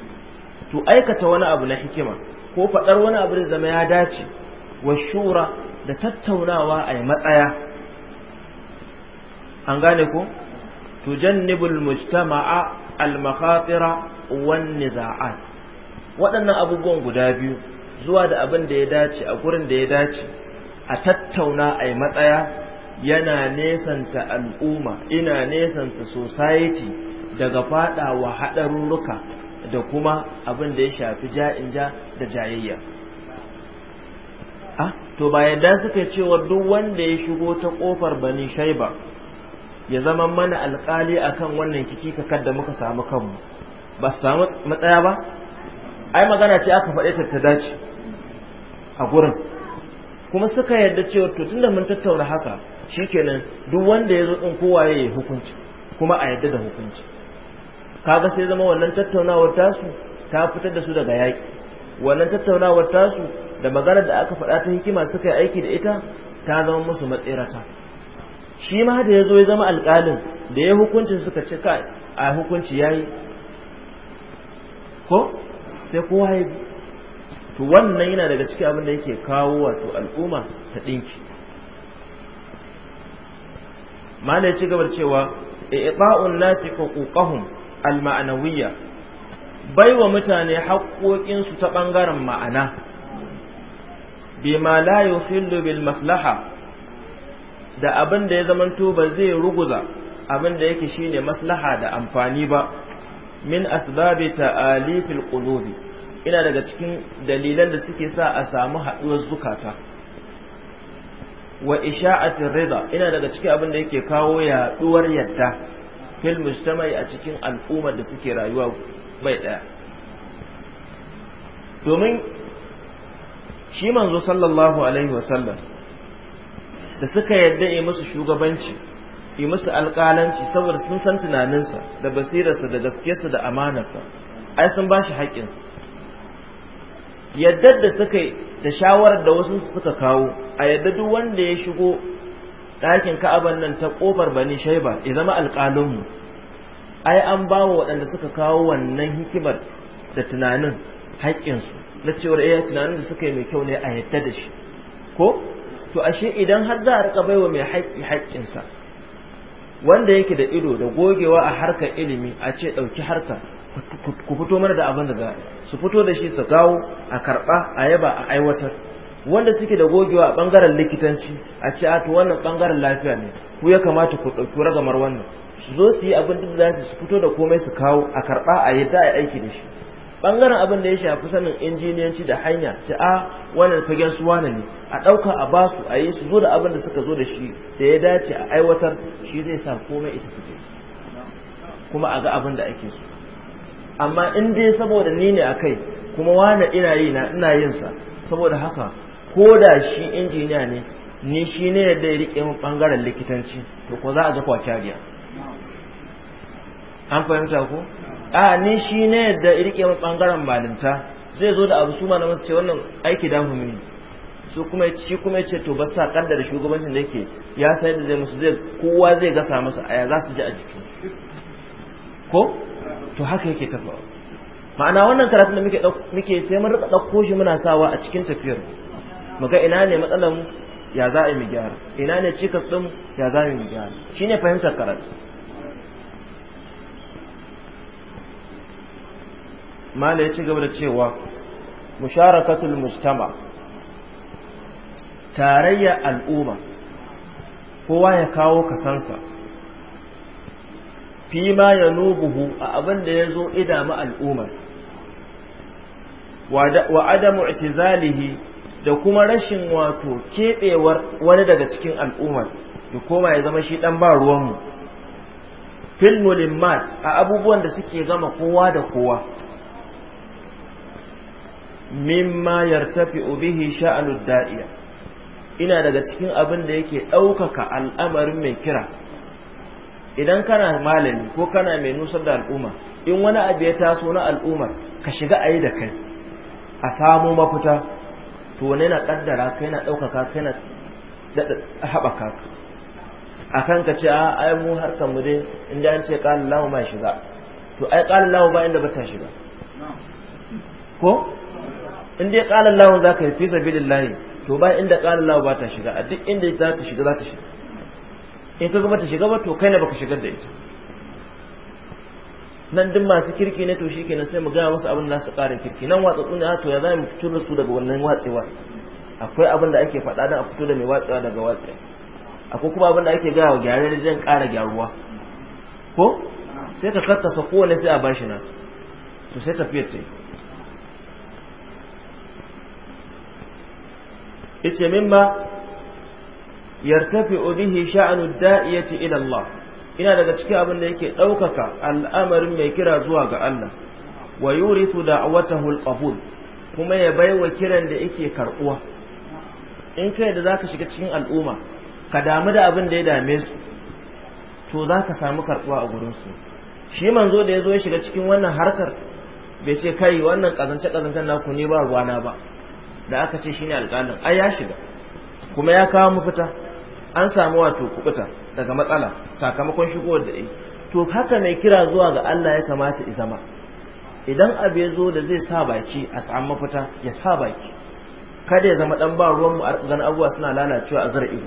Su aikata wani abu na hikima ko faɗar wani abu da zama ya dace wa shura da tattaunawa a matsaya an gane ko jannibul mujtama'a al makhatira wan niza'at waɗannan abubuwan guda biyu zuwa da abin da ya dace a gurin da ya dace a tattauna a matsaya yana nesanta al'umma ina nesanta society daga fada wa haɗarurruka da kuma abin da ya shafi ja'in ja da jayayya ah to ba yadda suka cewa duk wanda ya shigo ta kofar bani shaiba ya zama mana alƙali akan wannan kikikakar da muka samu kanmu ba su samu matsaya ba ai magana ce aka faɗe ta dace a gurin kuma suka yarda cewa to tunda mun tattauna haka shikenan duk wanda ya zo din kowa ya yi hukunci kuma a yadda da hukunci kaga sai zama wannan tattaunawar tasu ta fitar da su daga yaƙi wannan tattaunawar tasu da maganar da aka faɗa ta hikima suka yi aiki da ita ta zama musu matsirata shi ma da ya zo ya zama alƙalin da ya hukuncin suka ce ka a hukunci ya yi ko sai kowa ya bi to wannan yana daga cikin abin da yake kawo wato al'umma ta ɗinki mala ya ci gaba cewa i'ba'un nasi ko huquqahum al-ma'anawiyya baiwa mutane haƙoƙinsu ta ɓangaren ma'ana ma la yuhillu bil maslaha da abin da ya zamanto ba zai ruguza abin da yake shine maslaha da amfani ba min asbabi ta'alifil qulubi ina daga cikin dalilan da suke sa a samu haɗuwar zukata wa isha'atir rida ina daga cikin abin da yake kawo yaɗuwar yadda fil mujtama'i a cikin al'ummar da suke rayuwa bai daya domin shi manzo sallallahu alaihi wasallam da suka yadda yi musu shugabanci yi musu alƙalanci saboda sun san tunaninsa da basirarsa da gaskiyarsa da amanarsa ai sun ba shi haƙƙinsa yadda da suka da shawarar da wasu suka kawo a yadda duk wanda ya shigo ɗakin ka'aban nan ta ƙofar bani shaiba ya zama alƙalinmu ai an ba wa waɗanda suka kawo wannan hikimar da tunanin haƙƙinsu na cewar eh, tunanin da suka yi mai kyau ne a yadda da shi ko to ashe idan har za a rika baiwa mai haƙƙi haƙƙinsa wanda yake da ido da gogewa a harkar ilimi a ce ɗauki harka ku fito mana da abin da za su fito da shi su gawo a karɓa a yaba a aiwatar wanda suke da gogewa a bangaren likitanci a ce a to wannan bangaren lafiya ne ku ya kamata ku ɗauki ragamar wannan su zo su yi abin da za su fito da komai su kawo a karɓa a yadda a aiki da shi bangaren abin da ya shafi sanin injiniyanci da hanya ce a wannan fagen su wane ne a ɗauka a ba su a yi su zo da abin da suka zo da shi da ya dace a aiwatar shi zai sa komai ita fito kuma a ga abin da ake so amma in dai saboda ni ne a kai kuma wane ina yi na ina yin sa saboda haka ko da shi injiniya ne ni shi ne yadda ya riƙe min ɓangaren likitanci to ko za a ga kwakiyariya an fahimta ko a ni shi ne yadda ya riƙe min ɓangaren malinta zai zo da abu su ma na masu ce wannan aiki damu mini su kuma shi kuma ce to ba sa kaddar shugabancin da yake ya sai da zai musu zai kowa zai gasa masa aya za su ji a jiki ko to haka yake tafawa ma'ana wannan karatun da muke sai mun rika dauko shi muna sawa a cikin tafiyar mu mu ga ina ne matsalar ya za a yi mu gyara ina ne cikas ɗin ya za a yi mu gyara shine fahimtar karatu mala ya ci gaba da cewa musharakatul mujtama tarayya al'umma kowa ya kawo kasansa fi ma ya nubuhu a abin da ya zo idama al'ummar wa adamu itizalihi da kuma rashin wato keɓewar wani daga cikin al'ummar ya koma ya zama shi ɗan ba ruwanmu fil mulimmat a abubuwan da suke gama kowa da kowa mimma yartafi bihi sha'anud da'iya ina daga cikin abin da yake ɗaukaka al'amarin mai kira idan kana malami ko kana mai nusar da al'umma in wani abu ya taso na al'ummar ka shiga ayi da kai a samo mafita to wane na kaddara kai na ɗaukaka kai na haɓaka ka a kan ka ce a ai mu harkar mu dai inda an ce ƙalin lahu ma shiga to ai ƙalin lahu ba inda ba ta shiga ko in dai ƙalin lahu za ka yi fi sabilillahi to ba inda ƙalin lahu ba ta shiga a duk inda za ta shiga za ta shiga in ka gama ta shiga ba to kai na baka shigar da ita nan duk masu kirki ne to shikenan sai mu ga wasu abin da su ƙara kirki nan watsatsu ne to ya za mu fito da su daga wannan watsewa akwai abin da ake faɗa don a fito da mai watsewa daga watsewa akwai kuma abin da ake gaya wa gyare da zan ƙara gyaruwa ko sai ka karkasa kowane sai a bashi nasu to sai tafiyar ta yi yace mimma yartafi bihi sha'anu da'iyati ila Allah ina daga cikin abin da yake ɗaukaka al'amarin mai kira zuwa ga Allah wa yurithu da'watahu al-qabul kuma ya baiwa kiran da yake karbuwa in kai da zaka shiga cikin al'umma ka damu da abin da ya dame su to zaka samu karbuwa a gurin su shi manzo da ya zo ya shiga cikin wannan harkar bai ce kai wannan kazance kazancen naku ne ba ruwana ba da aka ce shine alƙalin ai ya shiga kuma ya kawo mafita an samu wato kubuta daga matsala sakamakon shigowar da yi to haka mai kira zuwa ga Allah ya kamata i zama idan abu ya zo da zai sa baki a samu mafita ya sa baki kada ya zama dan ba ruwan mu a abuwa suna lalacewa a zara ido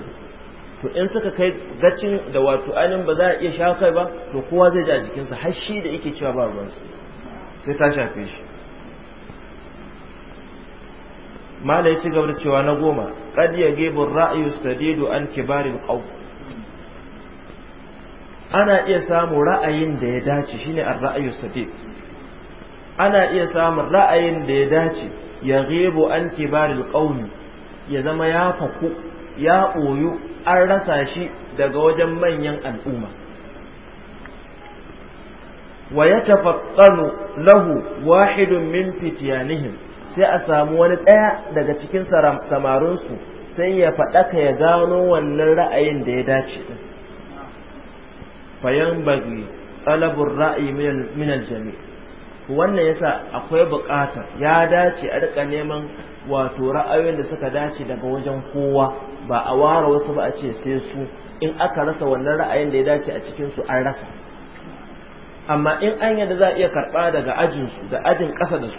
to in suka kai gacin da wato ainin ba za a iya shafa ba to kowa zai ji a jikinsa har shi da yake cewa ba ruwansu sai ta shafe shi mala ya ci gaba da cewa na goma qad yagibu ra'yu sadidu an kibaril qaw ana iya samu ra'ayin da ya dace shine ar-ra'yu sadid ana iya samun ra'ayin da ya dace ya gibu an kibaril qawmi ya zama ya faku ya ɓoyu an rasa shi daga wajen manyan al'umma wa ya lahu wahidun min fityanihim sai a samu wani ɗaya daga cikin samarinsu sai ya faɗaka ya gano wannan ra'ayin da ya dace ɗin fayan bagi ɗalabin ra'ayi minal jami wannan yasa akwai buƙatar ya dace a rika neman wato ra'ayoyin da suka dace daga wajen kowa ba a ware wasu ba a ce sai su in aka rasa wannan ra'ayin da ya dace a cikinsu an rasa amma in an yadda za a iya karɓa daga ajinsu da ajin ƙasa da su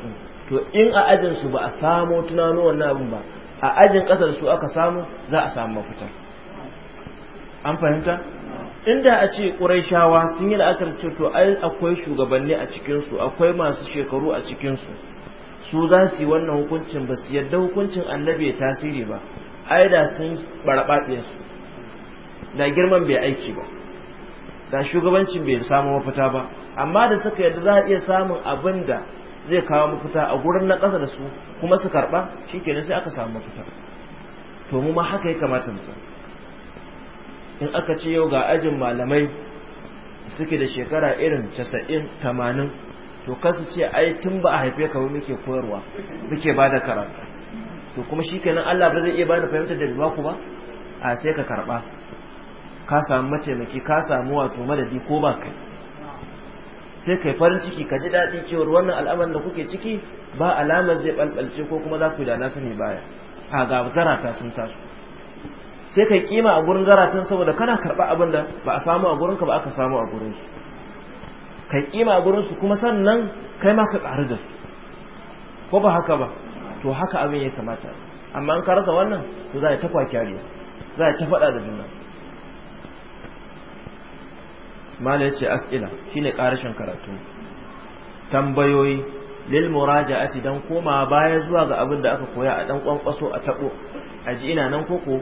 to in a ajin su ba a samo tunano wannan abin ba a ajin kasar su aka samu za a samu mafita an fahimta inda a ce ƙuraishawa sun yi la'akar ce to ai akwai shugabanni a cikinsu akwai masu shekaru a cikinsu su za su yi wannan hukuncin ba su yadda hukuncin annabi ya tasiri ba ai da sun barbaɗe su da girman bai aiki ba da shugabancin bai samu mafita ba amma da suka yadda za a iya samun abin da zai kawo mafita a gurin na ƙasa da su kuma su karɓa shi kenan sai aka samu mafita to mu ma haka ya kamata mu in aka ce yau ga ajin malamai suke da shekara irin casa'in tamanin to kasu ce ai tun ba a haife ka muke koyarwa muke ba da karatu to kuma shi kenan Allah ba zai iya bada fahimtar da ba ku ba a sai ka karɓa ka samu mataimaki ka samu wato madadi ko ba kai sai kai farin ciki ka ji daɗi cewar wannan al'amarin da kuke ciki ba alamar zai ɓalɓalce ko kuma za ku yi da na sani baya a ga zarata sun taso sai kai kima a gurin zaratan saboda kana karɓa abin da ba a samu a gurinka ba aka samu a gurin su kai kima a gurin su kuma sannan kai ma ka ƙaru da su ko ba haka ba to haka abin ya kamata amma an ka rasa wannan to za a ta kwakiya za a ta faɗa da juna mala yace as'ila shine karashin karatu tambayoyi lil muraja'ati dan koma baya zuwa ga abin da aka koya a dan kwankwaso a tabo aji ina nan koko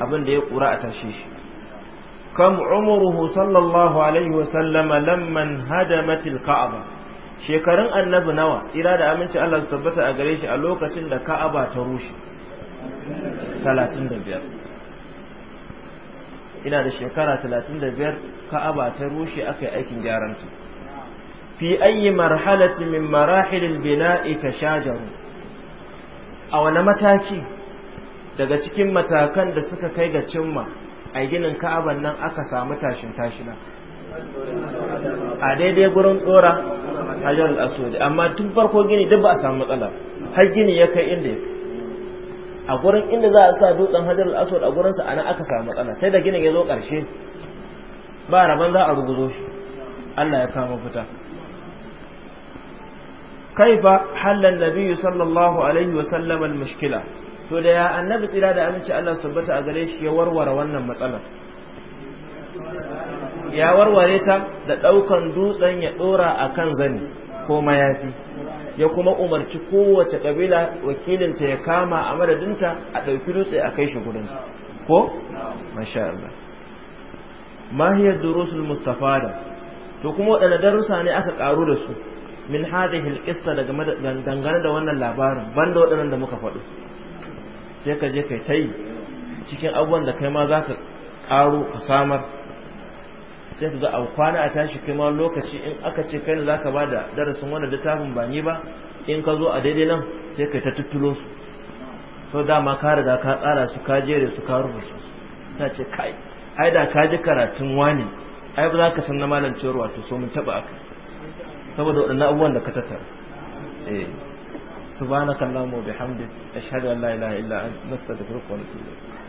abin da ya kura a tashe shi kam umruhu sallallahu alaihi wa sallama lamman hadamatil ka'aba shekarun annabi nawa tsira da aminci Allah su tabbata a gare shi a lokacin da ka'aba ta rushe 35 ina da shekara 35 ka'aba ta rushe aka yi aikin gyaran ta fi ayyi marhalati min marahilil bina'i ka shajaru a wani mataki daga cikin matakan da suka kai ga cimma a ginin ka'aban nan aka samu tashin tashina a daidai gurin tsora hajar al'asodi amma tun farko gini duk ba a samu matsala har gini ya kai inda ya a gurin inda za a sa dutsen hajar Aswad a gurinsa ana aka samu matsala sai da gina ya zo ƙarshe ba rabon za a ruguzo shi Allah ya kama fita kaifa hallan nabiyyu sallallahu alaihi wa sallam al-mushkila to da ya annabi tsira da aminci Allah su tabbata a gare shi ya warware wannan matsalar ya warware ta da ɗaukan dutsen ya ɗora akan kan zani ko mayafi ya kuma umarci kowace kabila wakilinta ya kama a madadinta a ɗauki dutse a kai shi gudun ko? masha Allah mahiyar durusul mustafada to kuma waɗanda darussa ne aka ƙaru da su min hadihil qissa daga dangane da wannan labarin banda waɗannan da muka faɗo sai ka je kai tayi cikin abubuwan da kai ma za ka ƙaru ka samar sai ku ga a kwana a tashi kai ma lokaci in aka ce kai ne za ka ba da darasin wanda littafin ba ni ba in ka zo a daidai nan sai kai ta tuttulo su so dama ka riga ka tsara su ka jere su ka rubuta ta ce kai ai da ka ji karatun wani ai ba za ka san na malam ciyar to so mun taba aka saboda waɗannan abubuwan da ka tattara eh subhanakallahumma wa bihamdik ashhadu an la ilaha illa anta nastaghfiruka wa natubu ilaik